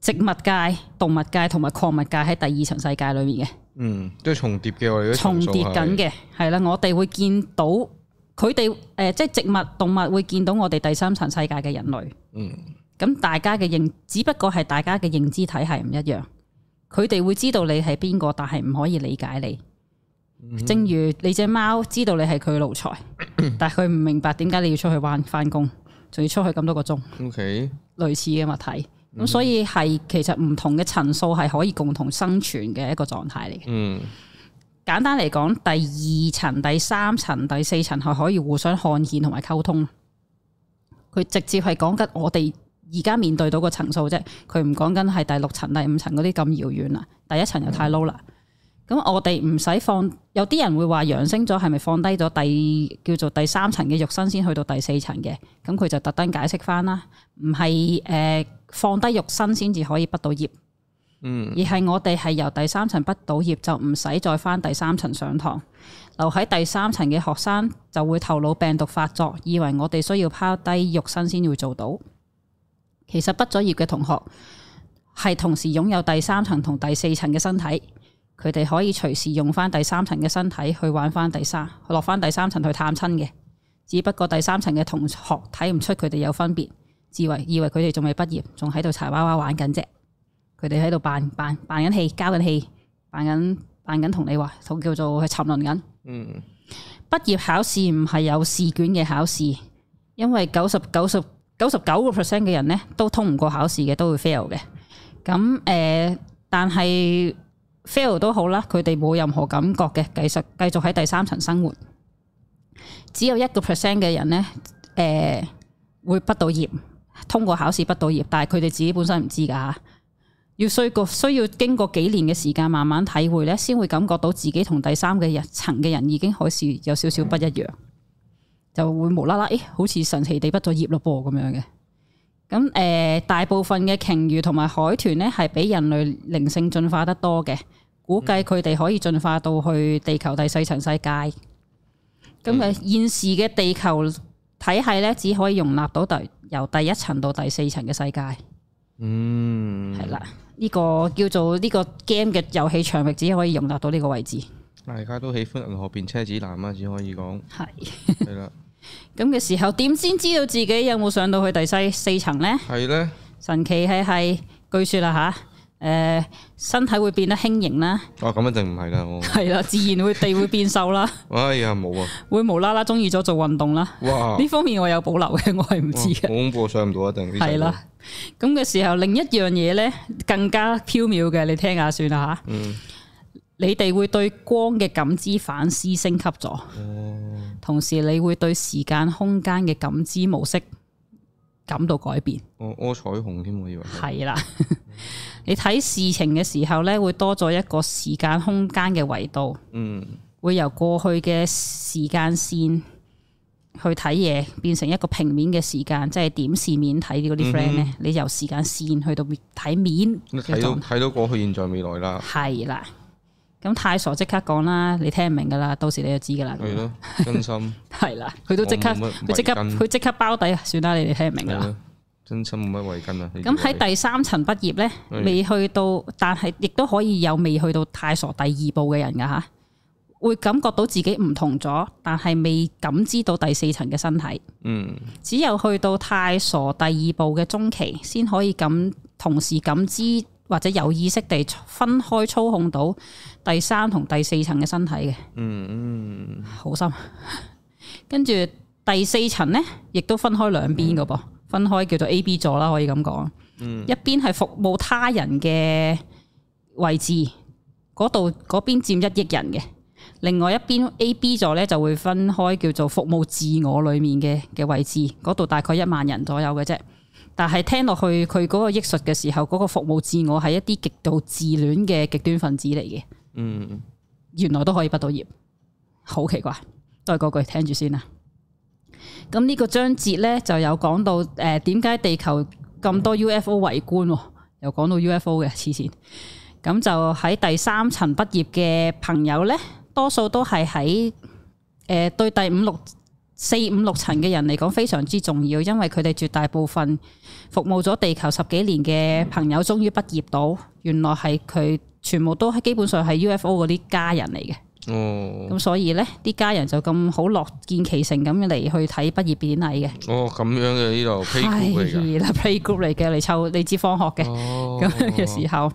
植物界、動物界同埋礦物界喺第二層世界裏面嘅。嗯，都、就是、重疊嘅或者。重疊緊嘅係啦，我哋會見到佢哋誒，即係植物動物會見到我哋第三層世界嘅人類。嗯。咁大家嘅認只不過係大家嘅認知體系唔一樣，佢哋會知道你係邊個，但係唔可以理解你。嗯、正如你隻貓知道你係佢奴才，嗯、但係佢唔明白點解你要出去玩翻工，仲要出去咁多個鐘。OK，類似嘅物體，咁、嗯、所以係其實唔同嘅層數係可以共同生存嘅一個狀態嚟嘅。嗯，簡單嚟講，第二層、第三層、第四層係可以互相看見同埋溝通。佢直接係講緊我哋。而家面對到個層數啫，佢唔講緊係第六層、第五層嗰啲咁遙遠啦。第一層又太 low 啦。咁、嗯、我哋唔使放，有啲人會話揚升咗，係咪放低咗第叫做第三層嘅肉身先去到第四層嘅？咁佢就特登解釋翻啦，唔係誒放低肉身先至可以畢到業，嗯，而係我哋係由第三層畢到業就唔使再翻第三層上堂，留喺第三層嘅學生就會頭腦病毒發作，以為我哋需要拋低肉身先會做到。其實畢咗業嘅同學係同時擁有第三層同第四層嘅身體，佢哋可以隨時用翻第三層嘅身體去玩翻第三，落翻第三層去探親嘅。只不過第三層嘅同學睇唔出佢哋有分別，自為以為佢哋仲未畢業，仲喺度柴娃娃玩緊啫。佢哋喺度扮扮扮緊戲，交緊戲，扮緊扮緊同你話，同叫做去沉淪緊。嗯。畢業考試唔係有試卷嘅考試，因為九十九十。九十九個 percent 嘅人咧，都通唔過考試嘅，都會 fail 嘅。咁誒，但係 fail 都好啦，佢哋冇任何感覺嘅，繼續繼續喺第三層生活。只有一個 percent 嘅人咧，誒、呃，會畢到業，通過考試畢到業，但係佢哋自己本身唔知噶吓，要需要需要經過幾年嘅時間，慢慢體會咧，先會感覺到自己同第三嘅層嘅人已經開始有少少不一樣。就會無啦啦，誒、欸，好似神奇地畢咗業咯噃咁樣嘅。咁誒、呃，大部分嘅鯨魚同埋海豚咧，係比人類靈性進化得多嘅，估計佢哋可以進化到去地球第四層世界。咁啊，現時嘅地球體系咧，只可以容納到第由第一層到第四層嘅世界。嗯，係啦，呢、這個叫做呢個 game 嘅遊戲場域，只可以容納到呢個位置。大家都喜歡銀河變車子男啊，只可以講係係啦。咁嘅對了 時候，點先知道自己有冇上到去第四四層咧？係咧了，神奇係係，據說啦吓，誒、呃，身體會變得輕盈啦。哦，咁一定唔係啦。係啦，自然會地會變瘦啦。 哎呀，冇啊，會無啦啦中意咗做運動啦。哇，呢方面我有保留嘅，我係唔知嘅。恐怖，上唔到一定。係啦了，咁嘅了時候，另一樣嘢呢，更加縹緲嘅，你聽，聽下算啦吓。嗯。你哋會對光嘅感知反思升級咗，哦、同時你會對時間空間嘅感知模式感到改變我。我彩虹添，我以為係啦。是的 你睇事情嘅時候咧，會多咗一個時間空間嘅維度。嗯，會由過去嘅時間線去睇嘢，變成一個平面嘅時間，即係點視面睇嗰啲 friend 咧。嗯、哼你由時間線去到睇面，睇到睇到過去、現在、未來啦。係啦。咁太傻即刻講啦，你聽唔明噶啦，到時你就知噶啦。真心， 更新係啦，佢都即刻，佢即刻，佢即刻包底，算啦，你哋聽唔明噶啦。真心冇乜圍巾啊。咁喺第三層畢業呢，的未去到，但係亦都可以有未去到太傻第二步嘅人噶吓，會感覺到自己唔同咗，但係未感知到第四層嘅身體。嗯，只有去到太傻第二步嘅中期，先可以感同時感知。或者有意識地分開操控到第三同第四層嘅身體嘅、嗯，嗯嗯，好深。跟住第四層呢，亦都分開兩邊嘅噃，嗯、分開叫做 A、B 座啦，可以咁講。嗯、一邊係服務他人嘅位置，嗰度嗰邊佔一億人嘅；另外一邊 A、B 座呢，就會分開叫做服務自我裏面嘅嘅位置，嗰度大概一萬人左右嘅啫。但係聽落去佢嗰個藝術嘅時候，嗰、嗰個服務自我係一啲極度自戀嘅極端分子嚟嘅。嗯，原來都可以畢到業，好奇怪。都係嗰句聽住先啊。咁呢個章節呢，就有講到，誒、呃，點解地球咁多 UFO 圍觀？哦、又講到 UFO 嘅黐線。咁就喺第三層畢業嘅朋友呢，多數都係喺誒對第五六。四五六層嘅人嚟講非常之重要，因為佢哋絕大部分服務咗地球十幾年嘅朋友終於畢業到，原來係佢全部都係基本上係 UFO 嗰啲家人嚟嘅。哦，咁所以呢啲家人就咁好樂見其成咁嚟去睇畢業典禮嘅。哦，咁樣嘅呢度 play group，play group 嚟嘅嚟湊你知科學嘅，咁、哦、 樣嘅時候，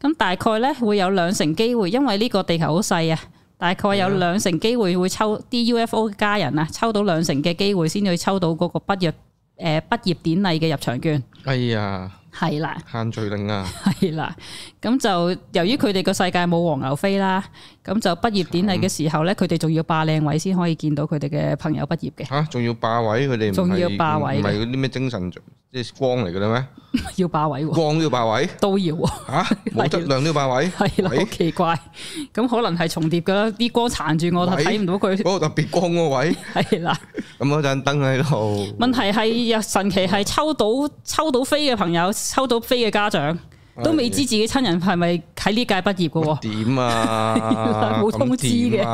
咁大概呢會有兩成機會，因為呢個地球好細啊。大概有兩成機會會抽啲 UFO 家人啊，抽到兩成嘅機會先去抽到嗰個畢業誒、呃、畢業典禮嘅入場券。係啊、哎呀，係啦，限聚令啊，係啦，咁就由於佢哋個世界冇黃牛飛啦，咁就畢業典禮嘅時候咧，佢哋仲要霸靚位先可以見到佢哋嘅朋友畢業嘅。嚇、啊，仲要霸位？佢哋仲要霸位？唔係嗰啲咩精神即係光嚟噶啦咩？要霸位、啊，光都要霸位，都要啊，啊！冇質量都要霸位，係啦 了，好位奇怪。咁可能係重疊噶，啲光殘住我，睇唔是到佢。嗰個特別光個、啊、位，係啦 了。咁嗰盞燈喺度。問題係，神奇係抽到抽到飛嘅朋友，抽到飛嘅家長。都未知自己親人係咪喺呢屆畢業嘅喎？點啊？冇 通知嘅，冇、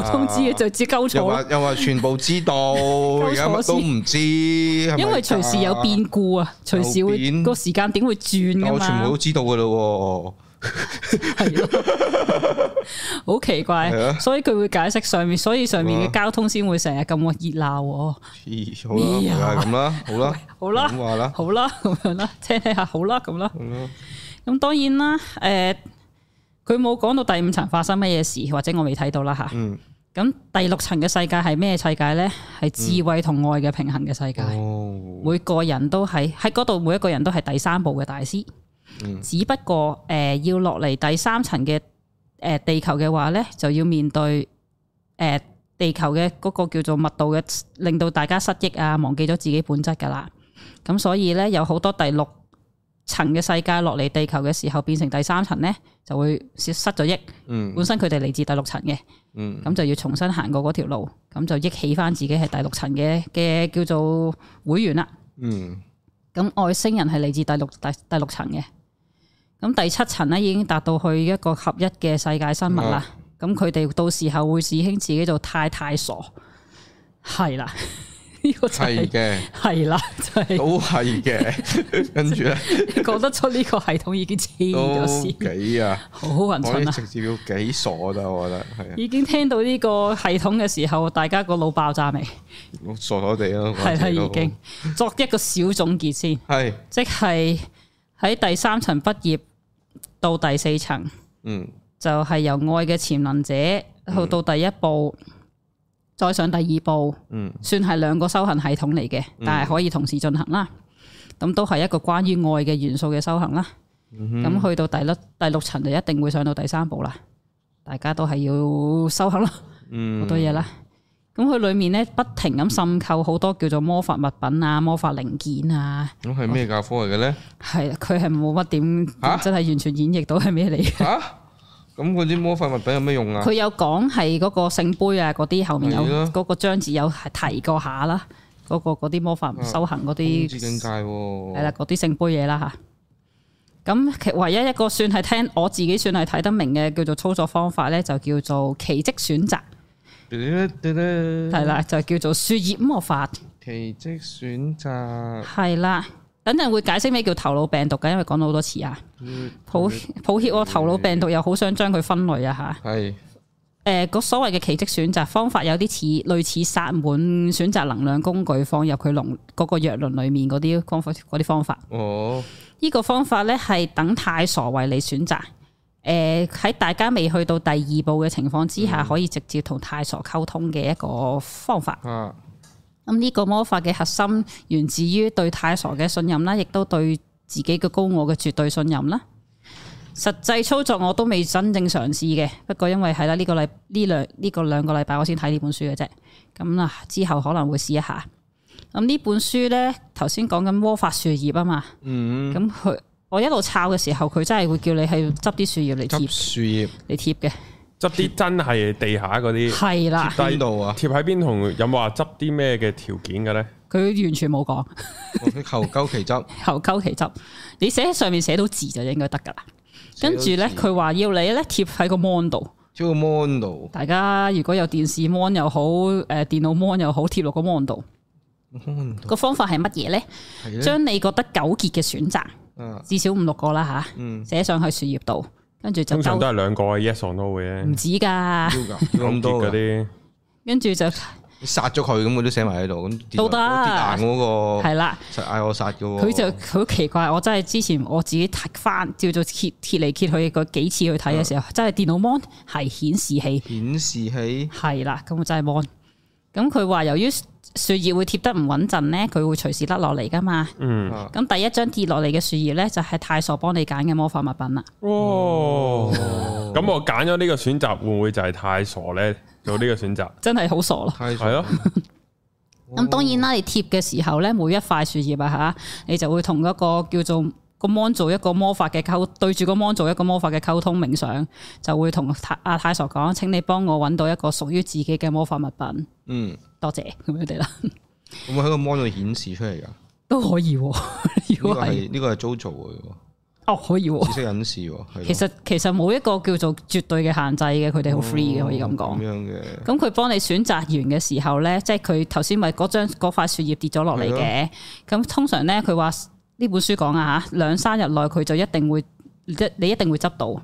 啊、通知嘅就只溝彩。又話又話全部知道，乜都唔知。因為隨時有變故啊，隨邊時會個時間點會轉啊，我全部都知道嘅咯，係 好奇怪，了所以佢會解釋上面，所以上面嘅交通先會成日咁個熱鬧。咦麼、就是，好啦，又係咁啦，好啦，好啦，咁話啦，好啦，咁樣啦，聽聽下，好啦，咁啦。咁當然啦，誒、呃，佢冇講到第五層發生乜嘢事，或者我未睇到啦嚇。咁、嗯、第六層嘅世界係咩世界呢？係智慧同愛嘅平衡嘅世界。嗯、每個人都係喺嗰度，每一個人都係第三步嘅大師。嗯、只不過誒、呃，要落嚟第三層嘅誒地球嘅話呢，就要面對誒、呃、地球嘅嗰個叫做密度嘅，令到大家失憶啊，忘記咗自己本質噶啦。咁所以呢，有好多第六。層嘅世界落嚟地球嘅時候，變成第三層呢，就會失咗憶。本身佢哋嚟自第六層嘅，嗯，咁就要重新行過嗰條路，咁就憶起翻自己係第六層嘅嘅叫做會員啦。嗯，咁外星人係嚟自第六第第六層嘅，咁第七層呢已經達到去一個合一嘅世界生物啦。咁佢哋到時候會自輕自己做太太傻，係啦。 就是、是 呢個係嘅，係啦，都係嘅。跟住咧，講得出呢個系統已經黐咗幾啊，好勻稱啊！直接要幾傻啊！我覺得係。已經聽到呢個系統嘅時候，大家個腦爆炸未？我傻傻地咯、啊。係啦，已經作一個小總結先，係即係喺第三層畢業到第四層，嗯，就係由愛嘅潛能者去到第一步。嗯嗯再上第二步，嗯，算係兩個修行系統嚟嘅，但係可以同時進行啦。咁都係一個關於愛嘅元素嘅修行啦。咁去到第六第六層就一定會上到第三步啦。大家都係要修行咯，好多嘢啦。咁佢裏面呢不停咁滲透好多叫做魔法物品啊、魔法零件啊。咁係咩教科嚟嘅呢？係啊，佢係冇乜點，真係完全演繹到係咩嚟嘅。咁佢啲魔法物品有咩用啊？佢有講係嗰個聖杯啊，嗰啲後面有嗰個章字有提過下啦，嗰個啲魔法唔修行嗰啲境界係啦，嗰啲聖杯嘢啦吓。咁其唯一一個算係聽我自己算係睇得明嘅叫做操作方法咧，就叫做奇蹟選擇。係啦，就叫做血液魔法。奇蹟選擇係啦。等陣會解釋咩叫頭腦病毒嘅，因為講咗好多次啊。抱歉我頭腦病毒，又好想將佢分類啊吓。係誒，所謂嘅奇跡選擇方法有啲似類似薩滿選擇能量工具放入佢龍嗰個藥輪裏面嗰啲方法，嗰啲方法。哦，呢個方法咧係等太傻為你選擇。誒、呃，喺大家未去到第二步嘅情況之下，可以直接同太傻溝通嘅一個方法。嗯嗯啊咁呢個魔法嘅核心源自於對太傻嘅信任啦，亦都對自己嘅高我嘅絕對信任啦。實際操作我都未真正嘗試嘅，不過因為係啦，呢個禮呢兩呢個兩個禮拜我先睇呢本書嘅啫。咁啊，之後可能會試一下。咁呢本書呢，頭先講緊魔法樹葉啊嘛。嗯。咁佢我一路抄嘅時候，佢真係會叫你去執啲樹葉嚟貼樹葉嚟貼嘅。執啲真係地下嗰啲，係啦，低度啊？貼喺邊同有冇話執啲咩嘅條件嘅咧？佢完全冇講，求鳩其執，求鳩其執。你寫喺上面寫到字就應該得噶啦。跟住咧，佢話要你咧貼喺個 mon 度，貼個 mon 度。大家如果有電視 mon 又好，誒電腦 mon 又好，貼落個 mon 度。個方法係乜嘢咧？將你覺得糾結嘅選擇，至少五六個啦吓，嗯，寫上去樹葉度。跟住就通常都係兩個啊，yes or no 都會咧，唔止噶，咁多嗰啲。跟住就殺咗佢，咁我都寫埋喺度。咁到達嗰個係啦，殺啊、就嗌我殺咗。佢就好奇怪，我真係之前我自己睇翻，叫做揭揭嚟揭，揭去，個幾次去睇嘅時候，啊、真係電腦 mon 係顯示器，顯示器係啦，咁我真係 mon。咁佢話由於。樹葉會貼得唔穩陣咧，佢會隨時甩落嚟噶嘛？嗯。咁第一張跌落嚟嘅樹葉咧，就係、是、太傻幫你揀嘅魔法物品啦。哦。咁、 哦、我揀咗呢個選擇會唔會就係太傻咧？做呢個選擇。真係好傻啦。係咯。咁、啊哦、 當然啦，你貼嘅時候咧，每一塊樹葉啊吓，你就會同一個叫做個 mon 做一個魔法嘅溝，對住個 mon 做一個魔法嘅溝通冥想，就會同太阿太傻講，請你幫我搵到一個屬於自己嘅魔法物品。嗯。多謝咁佢哋啦。 會唔會喺個 mon 度顯示出嚟噶？都可以。呢個係呢個係 Jojo 做嘅。哦，可以。知識隱私。其實其實冇一個叫做絕對嘅限制嘅，佢哋好 free 嘅，哦、可以咁講。咁樣嘅。咁佢幫你選擇完嘅時候咧，即係佢頭先咪嗰張嗰塊樹葉跌咗落嚟嘅。咁咯通常咧，佢話呢本書講啊吓，兩三日內佢就一定會，即你一定會執到。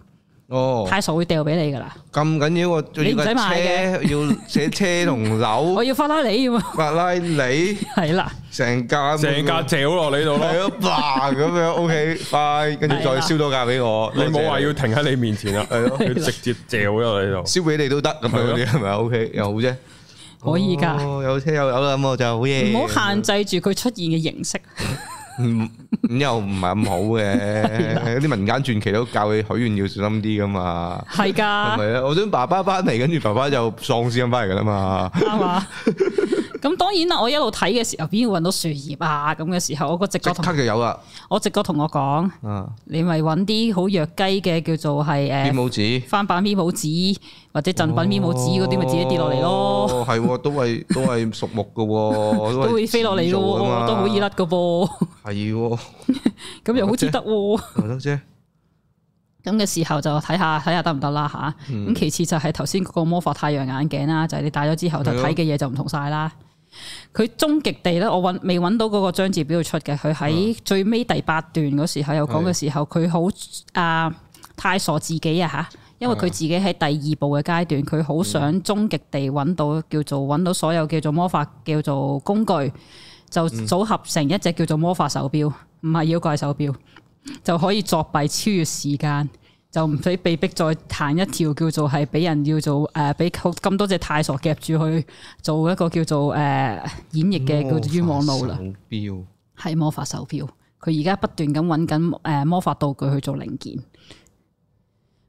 哦，太傻會掉俾你噶啦，咁緊要你唔使買嘢，要寫車同樓，我要法拉利啊嘛，法拉利係啦，成架成架掉落你度咯，叭咁樣，O K，快，跟住再燒多架俾我，你冇話要停喺你面前啦，係咯，佢直接掉咗落你度，燒俾你都得咁樣，係咪啊？O K，又好啫，可以噶，有車有樓咁我就好嘢，唔好限制住佢出現嘅形式。唔又唔係咁好嘅，有啲 的民間傳奇都教佢許願要小心啲噶嘛，係噶的，係咪啊？我想爸爸翻嚟，跟住爸爸就喪屍咁翻嚟噶啦嘛，啱嘛吧？咁 當然啦，我一路睇嘅時候，邊會搵到樹葉啊？咁嘅時候，我個直覺同即刻就有啦，我直覺同我講，嗯、啊，你咪搵啲好弱雞嘅叫做係誒，辮子翻版辮子。或者贈品邊冇紙嗰啲咪自己跌落嚟咯，係、哦，都係都係屬木噶， 都會飛落嚟、哦、咯，都、哦、 好易甩噶噃，係，咁又好似得，得啫。咁嘅時候就睇下睇下得唔得啦吓。咁、啊嗯、其次就係頭先嗰個魔法太陽眼鏡啦，就係、是、你戴咗之後就睇嘅嘢就唔同晒啦。佢終極地咧，我未搵到嗰個張字表出嘅，佢喺最尾第八段嗰時候又講嘅時候，佢好啊，啊，啊太傻自己啊吓。因為佢自己喺第二步嘅階段，佢好想終極地揾到叫做揾到所有叫做魔法叫做工具，就組合成一隻叫做魔法手錶，唔係妖怪手錶，就可以作弊超越時間，就唔使被逼再彈一條叫做係俾人叫做誒俾咁多隻太傻夾住去做一個叫做誒演繹嘅叫做冤枉路啦。錶係魔法手錶，佢而家不斷咁揾緊誒魔法道具去做零件。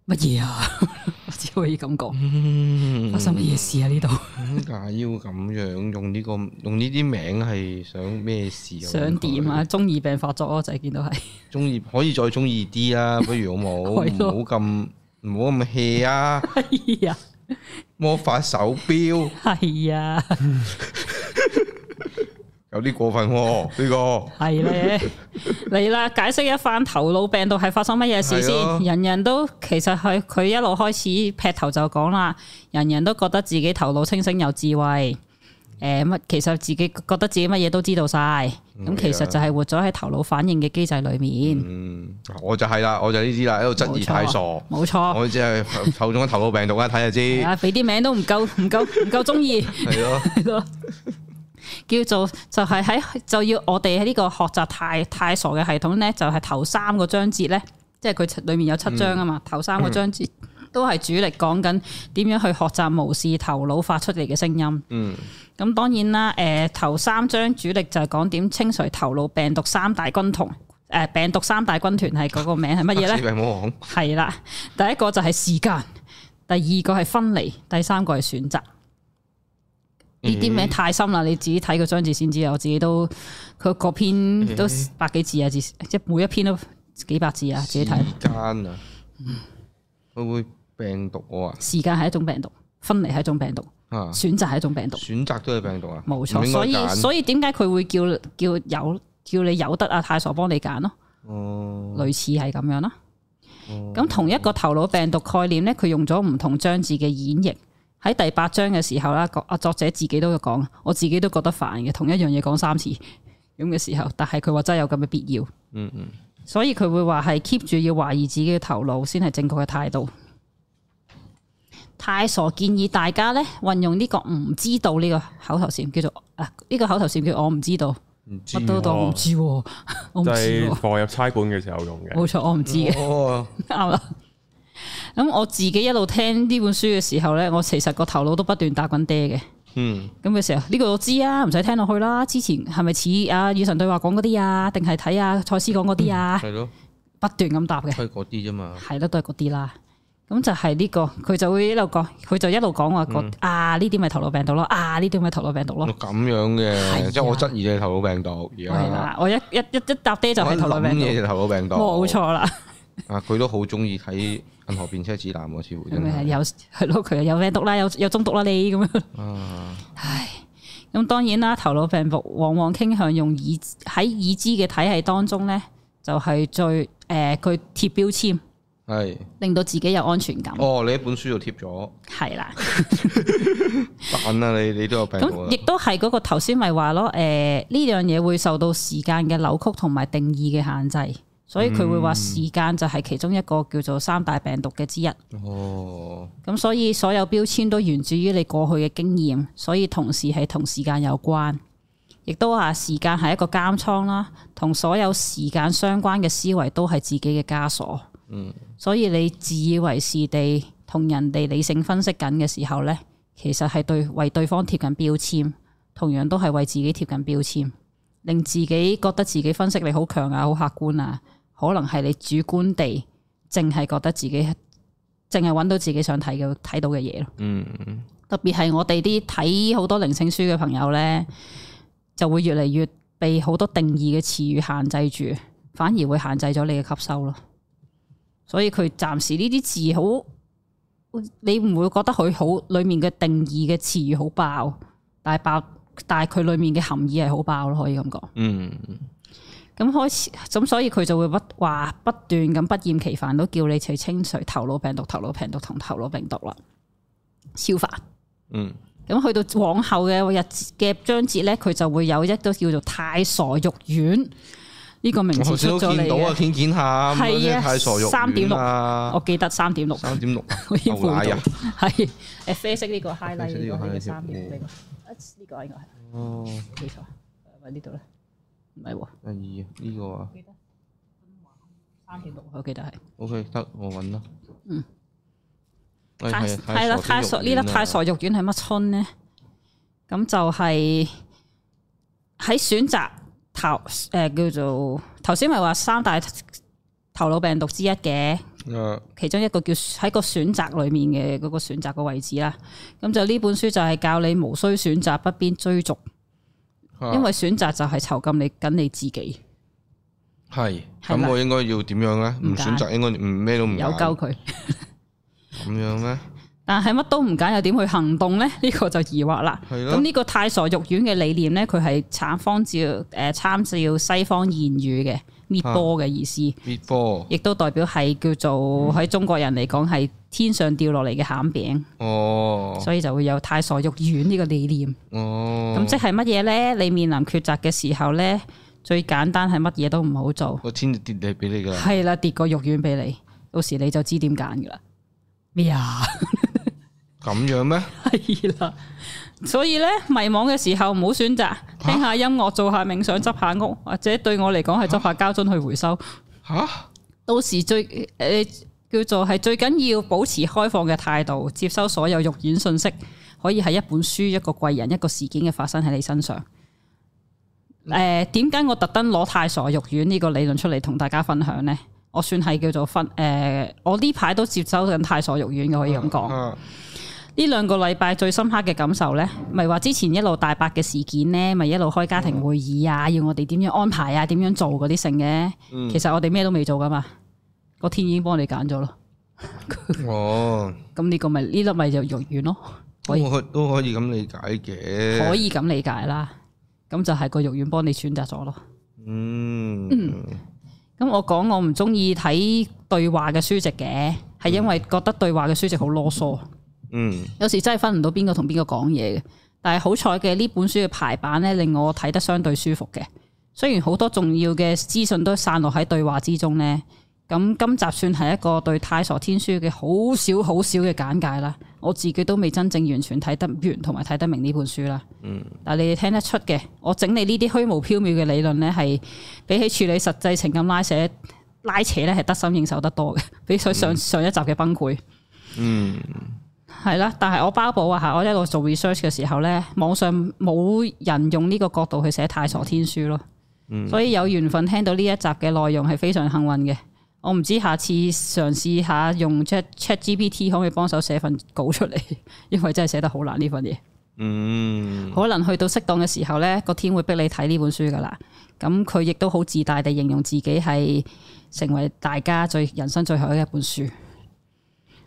乜嘢啊？ 我只可以咁講，嗯、發生乜嘢事啊？呢度，點解要咁樣用呢、呢個用呢啲名係想咩事？想點啊？中二 病發作咯，就係見到係中意，可以再中意啲啊。不如好唔好？唔好咁，唔好咁 hea 啊！ 是的 魔法手表係啊。 是的 有啲過分喎、哦，呢、這個係咧嚟啦，解釋一番頭腦病毒係發生乜嘢事先。的人人都其實係佢一路開始劈頭就講啦，人人都覺得自己頭腦清醒有智慧，誒、欸，乜其實自己覺得自己乜嘢都知道晒，咁其實就係活咗喺頭腦反應嘅機制裏面。的嗯，我就係啦，我就呢啲啦，喺度質疑太傻，冇錯錯，我只係透中個頭腦病毒，一睇錯就，就知。啊，俾啲名都唔夠，唔夠，唔夠中意。係咯，係咯。叫做就係、是、喺就要我哋喺呢個學習太太傻嘅系統咧，就係、是、頭三個章節咧，即係佢裏面有七章啊嘛，嗯、頭三個章節都係主力講緊點樣去學習無視頭腦發出嚟嘅聲音。嗯，咁當然啦，誒頭三章主力就係講點清除頭腦病毒三大軍團，誒、呃、病毒三大軍團係嗰個名係乜嘢咧？致命魔王 係啦，第一個就係時間，第二個係分離，第三個係選擇。呢啲名太深啦，你自己睇個章字先知啊！我自己都佢嗰篇都百幾字啊，字即係每一篇都幾百字啊，自己睇。間啊，會唔會病毒啊？時間係一種病毒，分離係一種病毒，啊、選擇係一種病毒，選擇都係病毒啊！冇錯錯，所以所以點解佢會叫叫有叫，叫你有得啊？太傻幫你揀咯，嗯、類似係咁樣咯。咁、嗯、同一個頭腦病毒概念咧，佢用咗唔同章字嘅演繹。喺第八章嘅時候啦，作者自己都有講，我自己都覺得煩嘅，同一樣嘢講三次咁嘅時候，但係佢話真係有咁嘅必要。嗯嗯，所以佢會話係 keep 住要懷疑自己嘅頭腦，先係正確嘅態度。太傻，建議大家呢，運用呢個唔知道呢個口頭禪，叫做誒呢、啊這個口頭禪叫我唔知道，乜都當唔知，我唔知。就係放入差館嘅時候用嘅。冇錯，我唔知嘅。啱啦。咁我自己一路聽呢本書嘅時候咧，我其實個頭腦都不斷打滾爹嘅。嗯。咁嘅時候，呢、呢個我知啊，唔使聽落去啦。之前係咪似啊與神對話講嗰啲啊？定係睇啊蔡思講嗰啲啊？係咯、嗯。不斷咁答嘅。係嗰啲啫嘛。係咯，都係嗰啲啦。咁就係呢、呢個，佢就會一路講，佢就一路講話、嗯、啊呢啲咪頭腦病毒咯，啊呢啲咪頭腦病毒咯。咁樣嘅，即係我質疑你頭腦病毒。我一一一一答爹就係頭腦病毒。諗嘢就頭腦病毒。冇錯啦。 啊！佢都好中意睇《銀河便車指南啊》喎，似乎係有係咯，佢有病毒啦，有有中毒啦，你咁樣。 啊、唉，咁當然啦，頭腦病服往往傾向用已喺已知嘅體系當中咧，就係、是、最誒，佢、呃、貼標籤，係是令到自己有安全感。哦，你一本書就貼咗，係啦，笨 啊！你你都有病咁亦都係嗰個頭先咪話咯？誒、呃，呢樣嘢會受到時間嘅扭曲同埋定義嘅限，限制。所以佢會話時間就係其中一個叫做三大病毒嘅之一。哦，咁所以所有標籤都源自於你過去嘅經驗，所以同時係同時間有關，亦都話時間係一個監倉啦，同所有時間相關嘅思維都係自己嘅枷鎖。所以你自以為是地同人哋理性分析緊嘅時候呢，其實係對為對方貼緊標籤，同樣都係為自己貼緊標籤，令自己覺得自己分析力好強啊，好客觀啊。可能係你主觀地，淨係覺得自己，淨係揾到自己想睇嘅睇到嘅嘢咯。嗯，特別係我哋啲睇好多靈性書嘅朋友咧，就會越嚟越被好多定義嘅詞語限制住，反而會限制咗你嘅吸收咯。所以佢暫時呢啲字好，你唔會覺得佢好裏面嘅定義嘅詞語好爆，但係爆，但係佢裏面嘅含義係好爆咯，可以咁講。嗯。咁開始，咁所以佢就會不話不斷咁不厭其煩都叫你去清除頭腦病毒、頭腦病毒同頭腦病毒啦，超煩。嗯。咁去到往後嘅日嘅章節咧，佢就會有一都叫做太傻肉丸呢、這個名字出咗嚟，我都見到啊，見見下，係太傻肉丸三點六啊，我記得三點六，三點六，牛奶啊。係誒、 啊、 啡色呢個 highlight，呢個三點呢個，呢個應該係。哦、嗯，冇錯、嗯，咪呢度啦。唔係喎，二呢個啊，記得三點六，我記得係，O K，得 okay, 我揾啦。嗯，太傻太傻呢粒太傻肉丸係乜春咧？咁就係喺選擇頭誒、呃、叫做頭先咪話三大頭腦病毒之一嘅，嗯、其中一個叫喺、個選擇裏面嘅嗰個選擇個位置啦。咁就呢本書就係教你無需選擇，不必追逐。因為選擇就係囚禁你，緊你自己。係是，咁的我應該要點樣咧？唔選擇應該唔咩都唔有救夠佢。咁 樣咩？但係乜都唔揀又點去行動咧？呢、這個就疑惑啦。係咯。咁呢的個太傻肉丸嘅理念咧，佢係產方照誒參照西方諺語嘅。Meatball 嘅意思，亦 Meat ball? 都代表係叫做喺中國人嚟講係天上掉落嚟嘅餡餅，哦，oh. 所以就會有太傻肉丸呢個理念，哦，咁即係乜嘢咧？你面臨抉擇嘅時候咧，最簡單係乜嘢都唔好做，個天就跌嚟俾你噶，係啦，跌個肉丸俾你，到時你就知點揀噶啦，咩啊？ 咁樣咩？係啦，所以咧迷惘嘅時候唔好選擇、啊、聽下音樂、做下冥想、執下屋，或者對我嚟講係執下膠樽去回收。吓、啊，到時最誒、呃、叫做係最緊要保持開放嘅態度，接收所有肉丸信息，可以係一本書、一個貴人、一個事件嘅發生喺你身上。誒、呃，點解我特登攞太傻肉丸呢個理論出嚟同大家分享呢？我算係叫做分誒、呃，我呢排都接收緊太傻肉丸嘅，可以咁講。啊啊呢兩個禮拜最深刻嘅感受咧，咪話之前一路大伯嘅事件咧，咪一路開家庭會議啊，要我哋點樣安排啊，點樣做嗰啲剩嘅，嗯、其實我哋咩都未做噶嘛，個天已經幫你哋揀咗咯。 哦，咁呢、這個咪呢粒咪就，是、就肉丸咯，可以都可以咁理解嘅，可以咁理解啦，咁就係個肉丸幫你選擇咗咯。嗯、咁、嗯、我講我唔中意睇對話嘅書籍嘅，係因為覺得對話嘅書籍好囉嗦。嗯，mm hmm. 有時真係分唔到邊個同邊個講嘢嘅，但係好彩嘅呢本書嘅排版咧令我睇得相對舒服嘅，雖然好多重要嘅資訊都散落喺對話之中咧，咁今集算係一個對太傻天書嘅好少好少嘅簡介啦，我自己都未真正完全睇得完同埋睇得明呢本書啦，嗯、mm，hmm. 但係你哋聽得出嘅，我整理呢啲虛無縹緲嘅理論咧係比起處理實際情感拉扯拉扯咧係得心應手得多嘅，比上上、mm hmm. 上一集嘅崩潰。嗯、mm。Hmm. 係啦，但係我包保啊，係我一路做 research 嘅時候咧，網上冇人用呢個角度去寫太傻天書咯。嗯、所以有緣分聽到呢一集嘅內容係非常幸運嘅。我唔知下次嘗試下用 Chat Chat GPT 可唔可以幫手寫份稿出嚟，因為真係寫得好難呢份嘢。嗯，可能去到適當嘅時候咧，個天會逼你睇呢本書噶啦。咁佢亦都好自大地形容自己係成為大家最人生最後嘅一本書。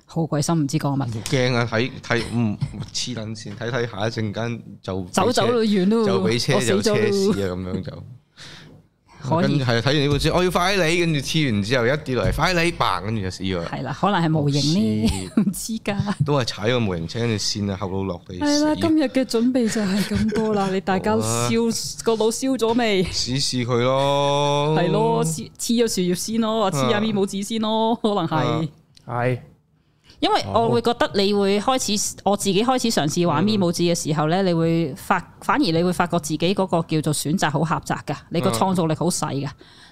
好鬼心，唔知講乜嘢，驚啊！睇睇唔黐撚線，睇睇下一陣間就走走到遠咯，就俾車就車死啊！咁樣就，跟住係睇完呢本書，我要快你，跟住黐完之後一跌落嚟快你白，跟住就死咗。係啦，可能係模型呢，唔知噶，都係踩個模型車，跟住先，啊，後腦落地。係啦，今日嘅準備就係咁多啦。你大家燒個腦燒咗未？試試佢咯，係咯，黐咗樹葉先咯，黐下邊冇紙先咯，可能係係。因為我會覺得你會開始，我自己開始嘗試玩咪 M 字嘅時候咧，你會發反而你會發覺自己嗰個叫做選擇好狹窄嘅，你個創造力好細嘅，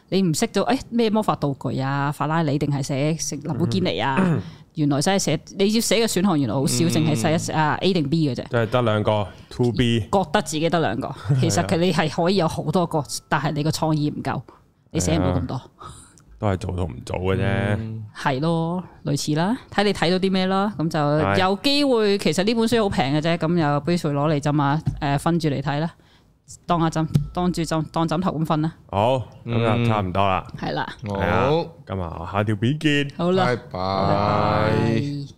你唔識到誒咩魔法道具啊，法拉利定係寫成林寶堅尼啊，嗯、原來真係寫你要寫嘅選項原來好少，淨係寫一寫 A 定 B 嘅啫，即係得兩個 Two B，覺得自己得兩個，其實佢你係可以有好多個，但係你個創意唔夠，你寫唔到咁多。嗯 都係做到唔做嘅啫，係咯，類似啦，睇你睇到啲咩咯，咁就有機會。其實呢本書好平嘅啫，咁又杯水攞嚟枕下，誒，瞓住嚟睇啦，當下枕，當住枕，當枕頭咁瞓啦。好，咁就，差唔多啦，係啦，好，咁啊，下條片見，好啦，拜拜。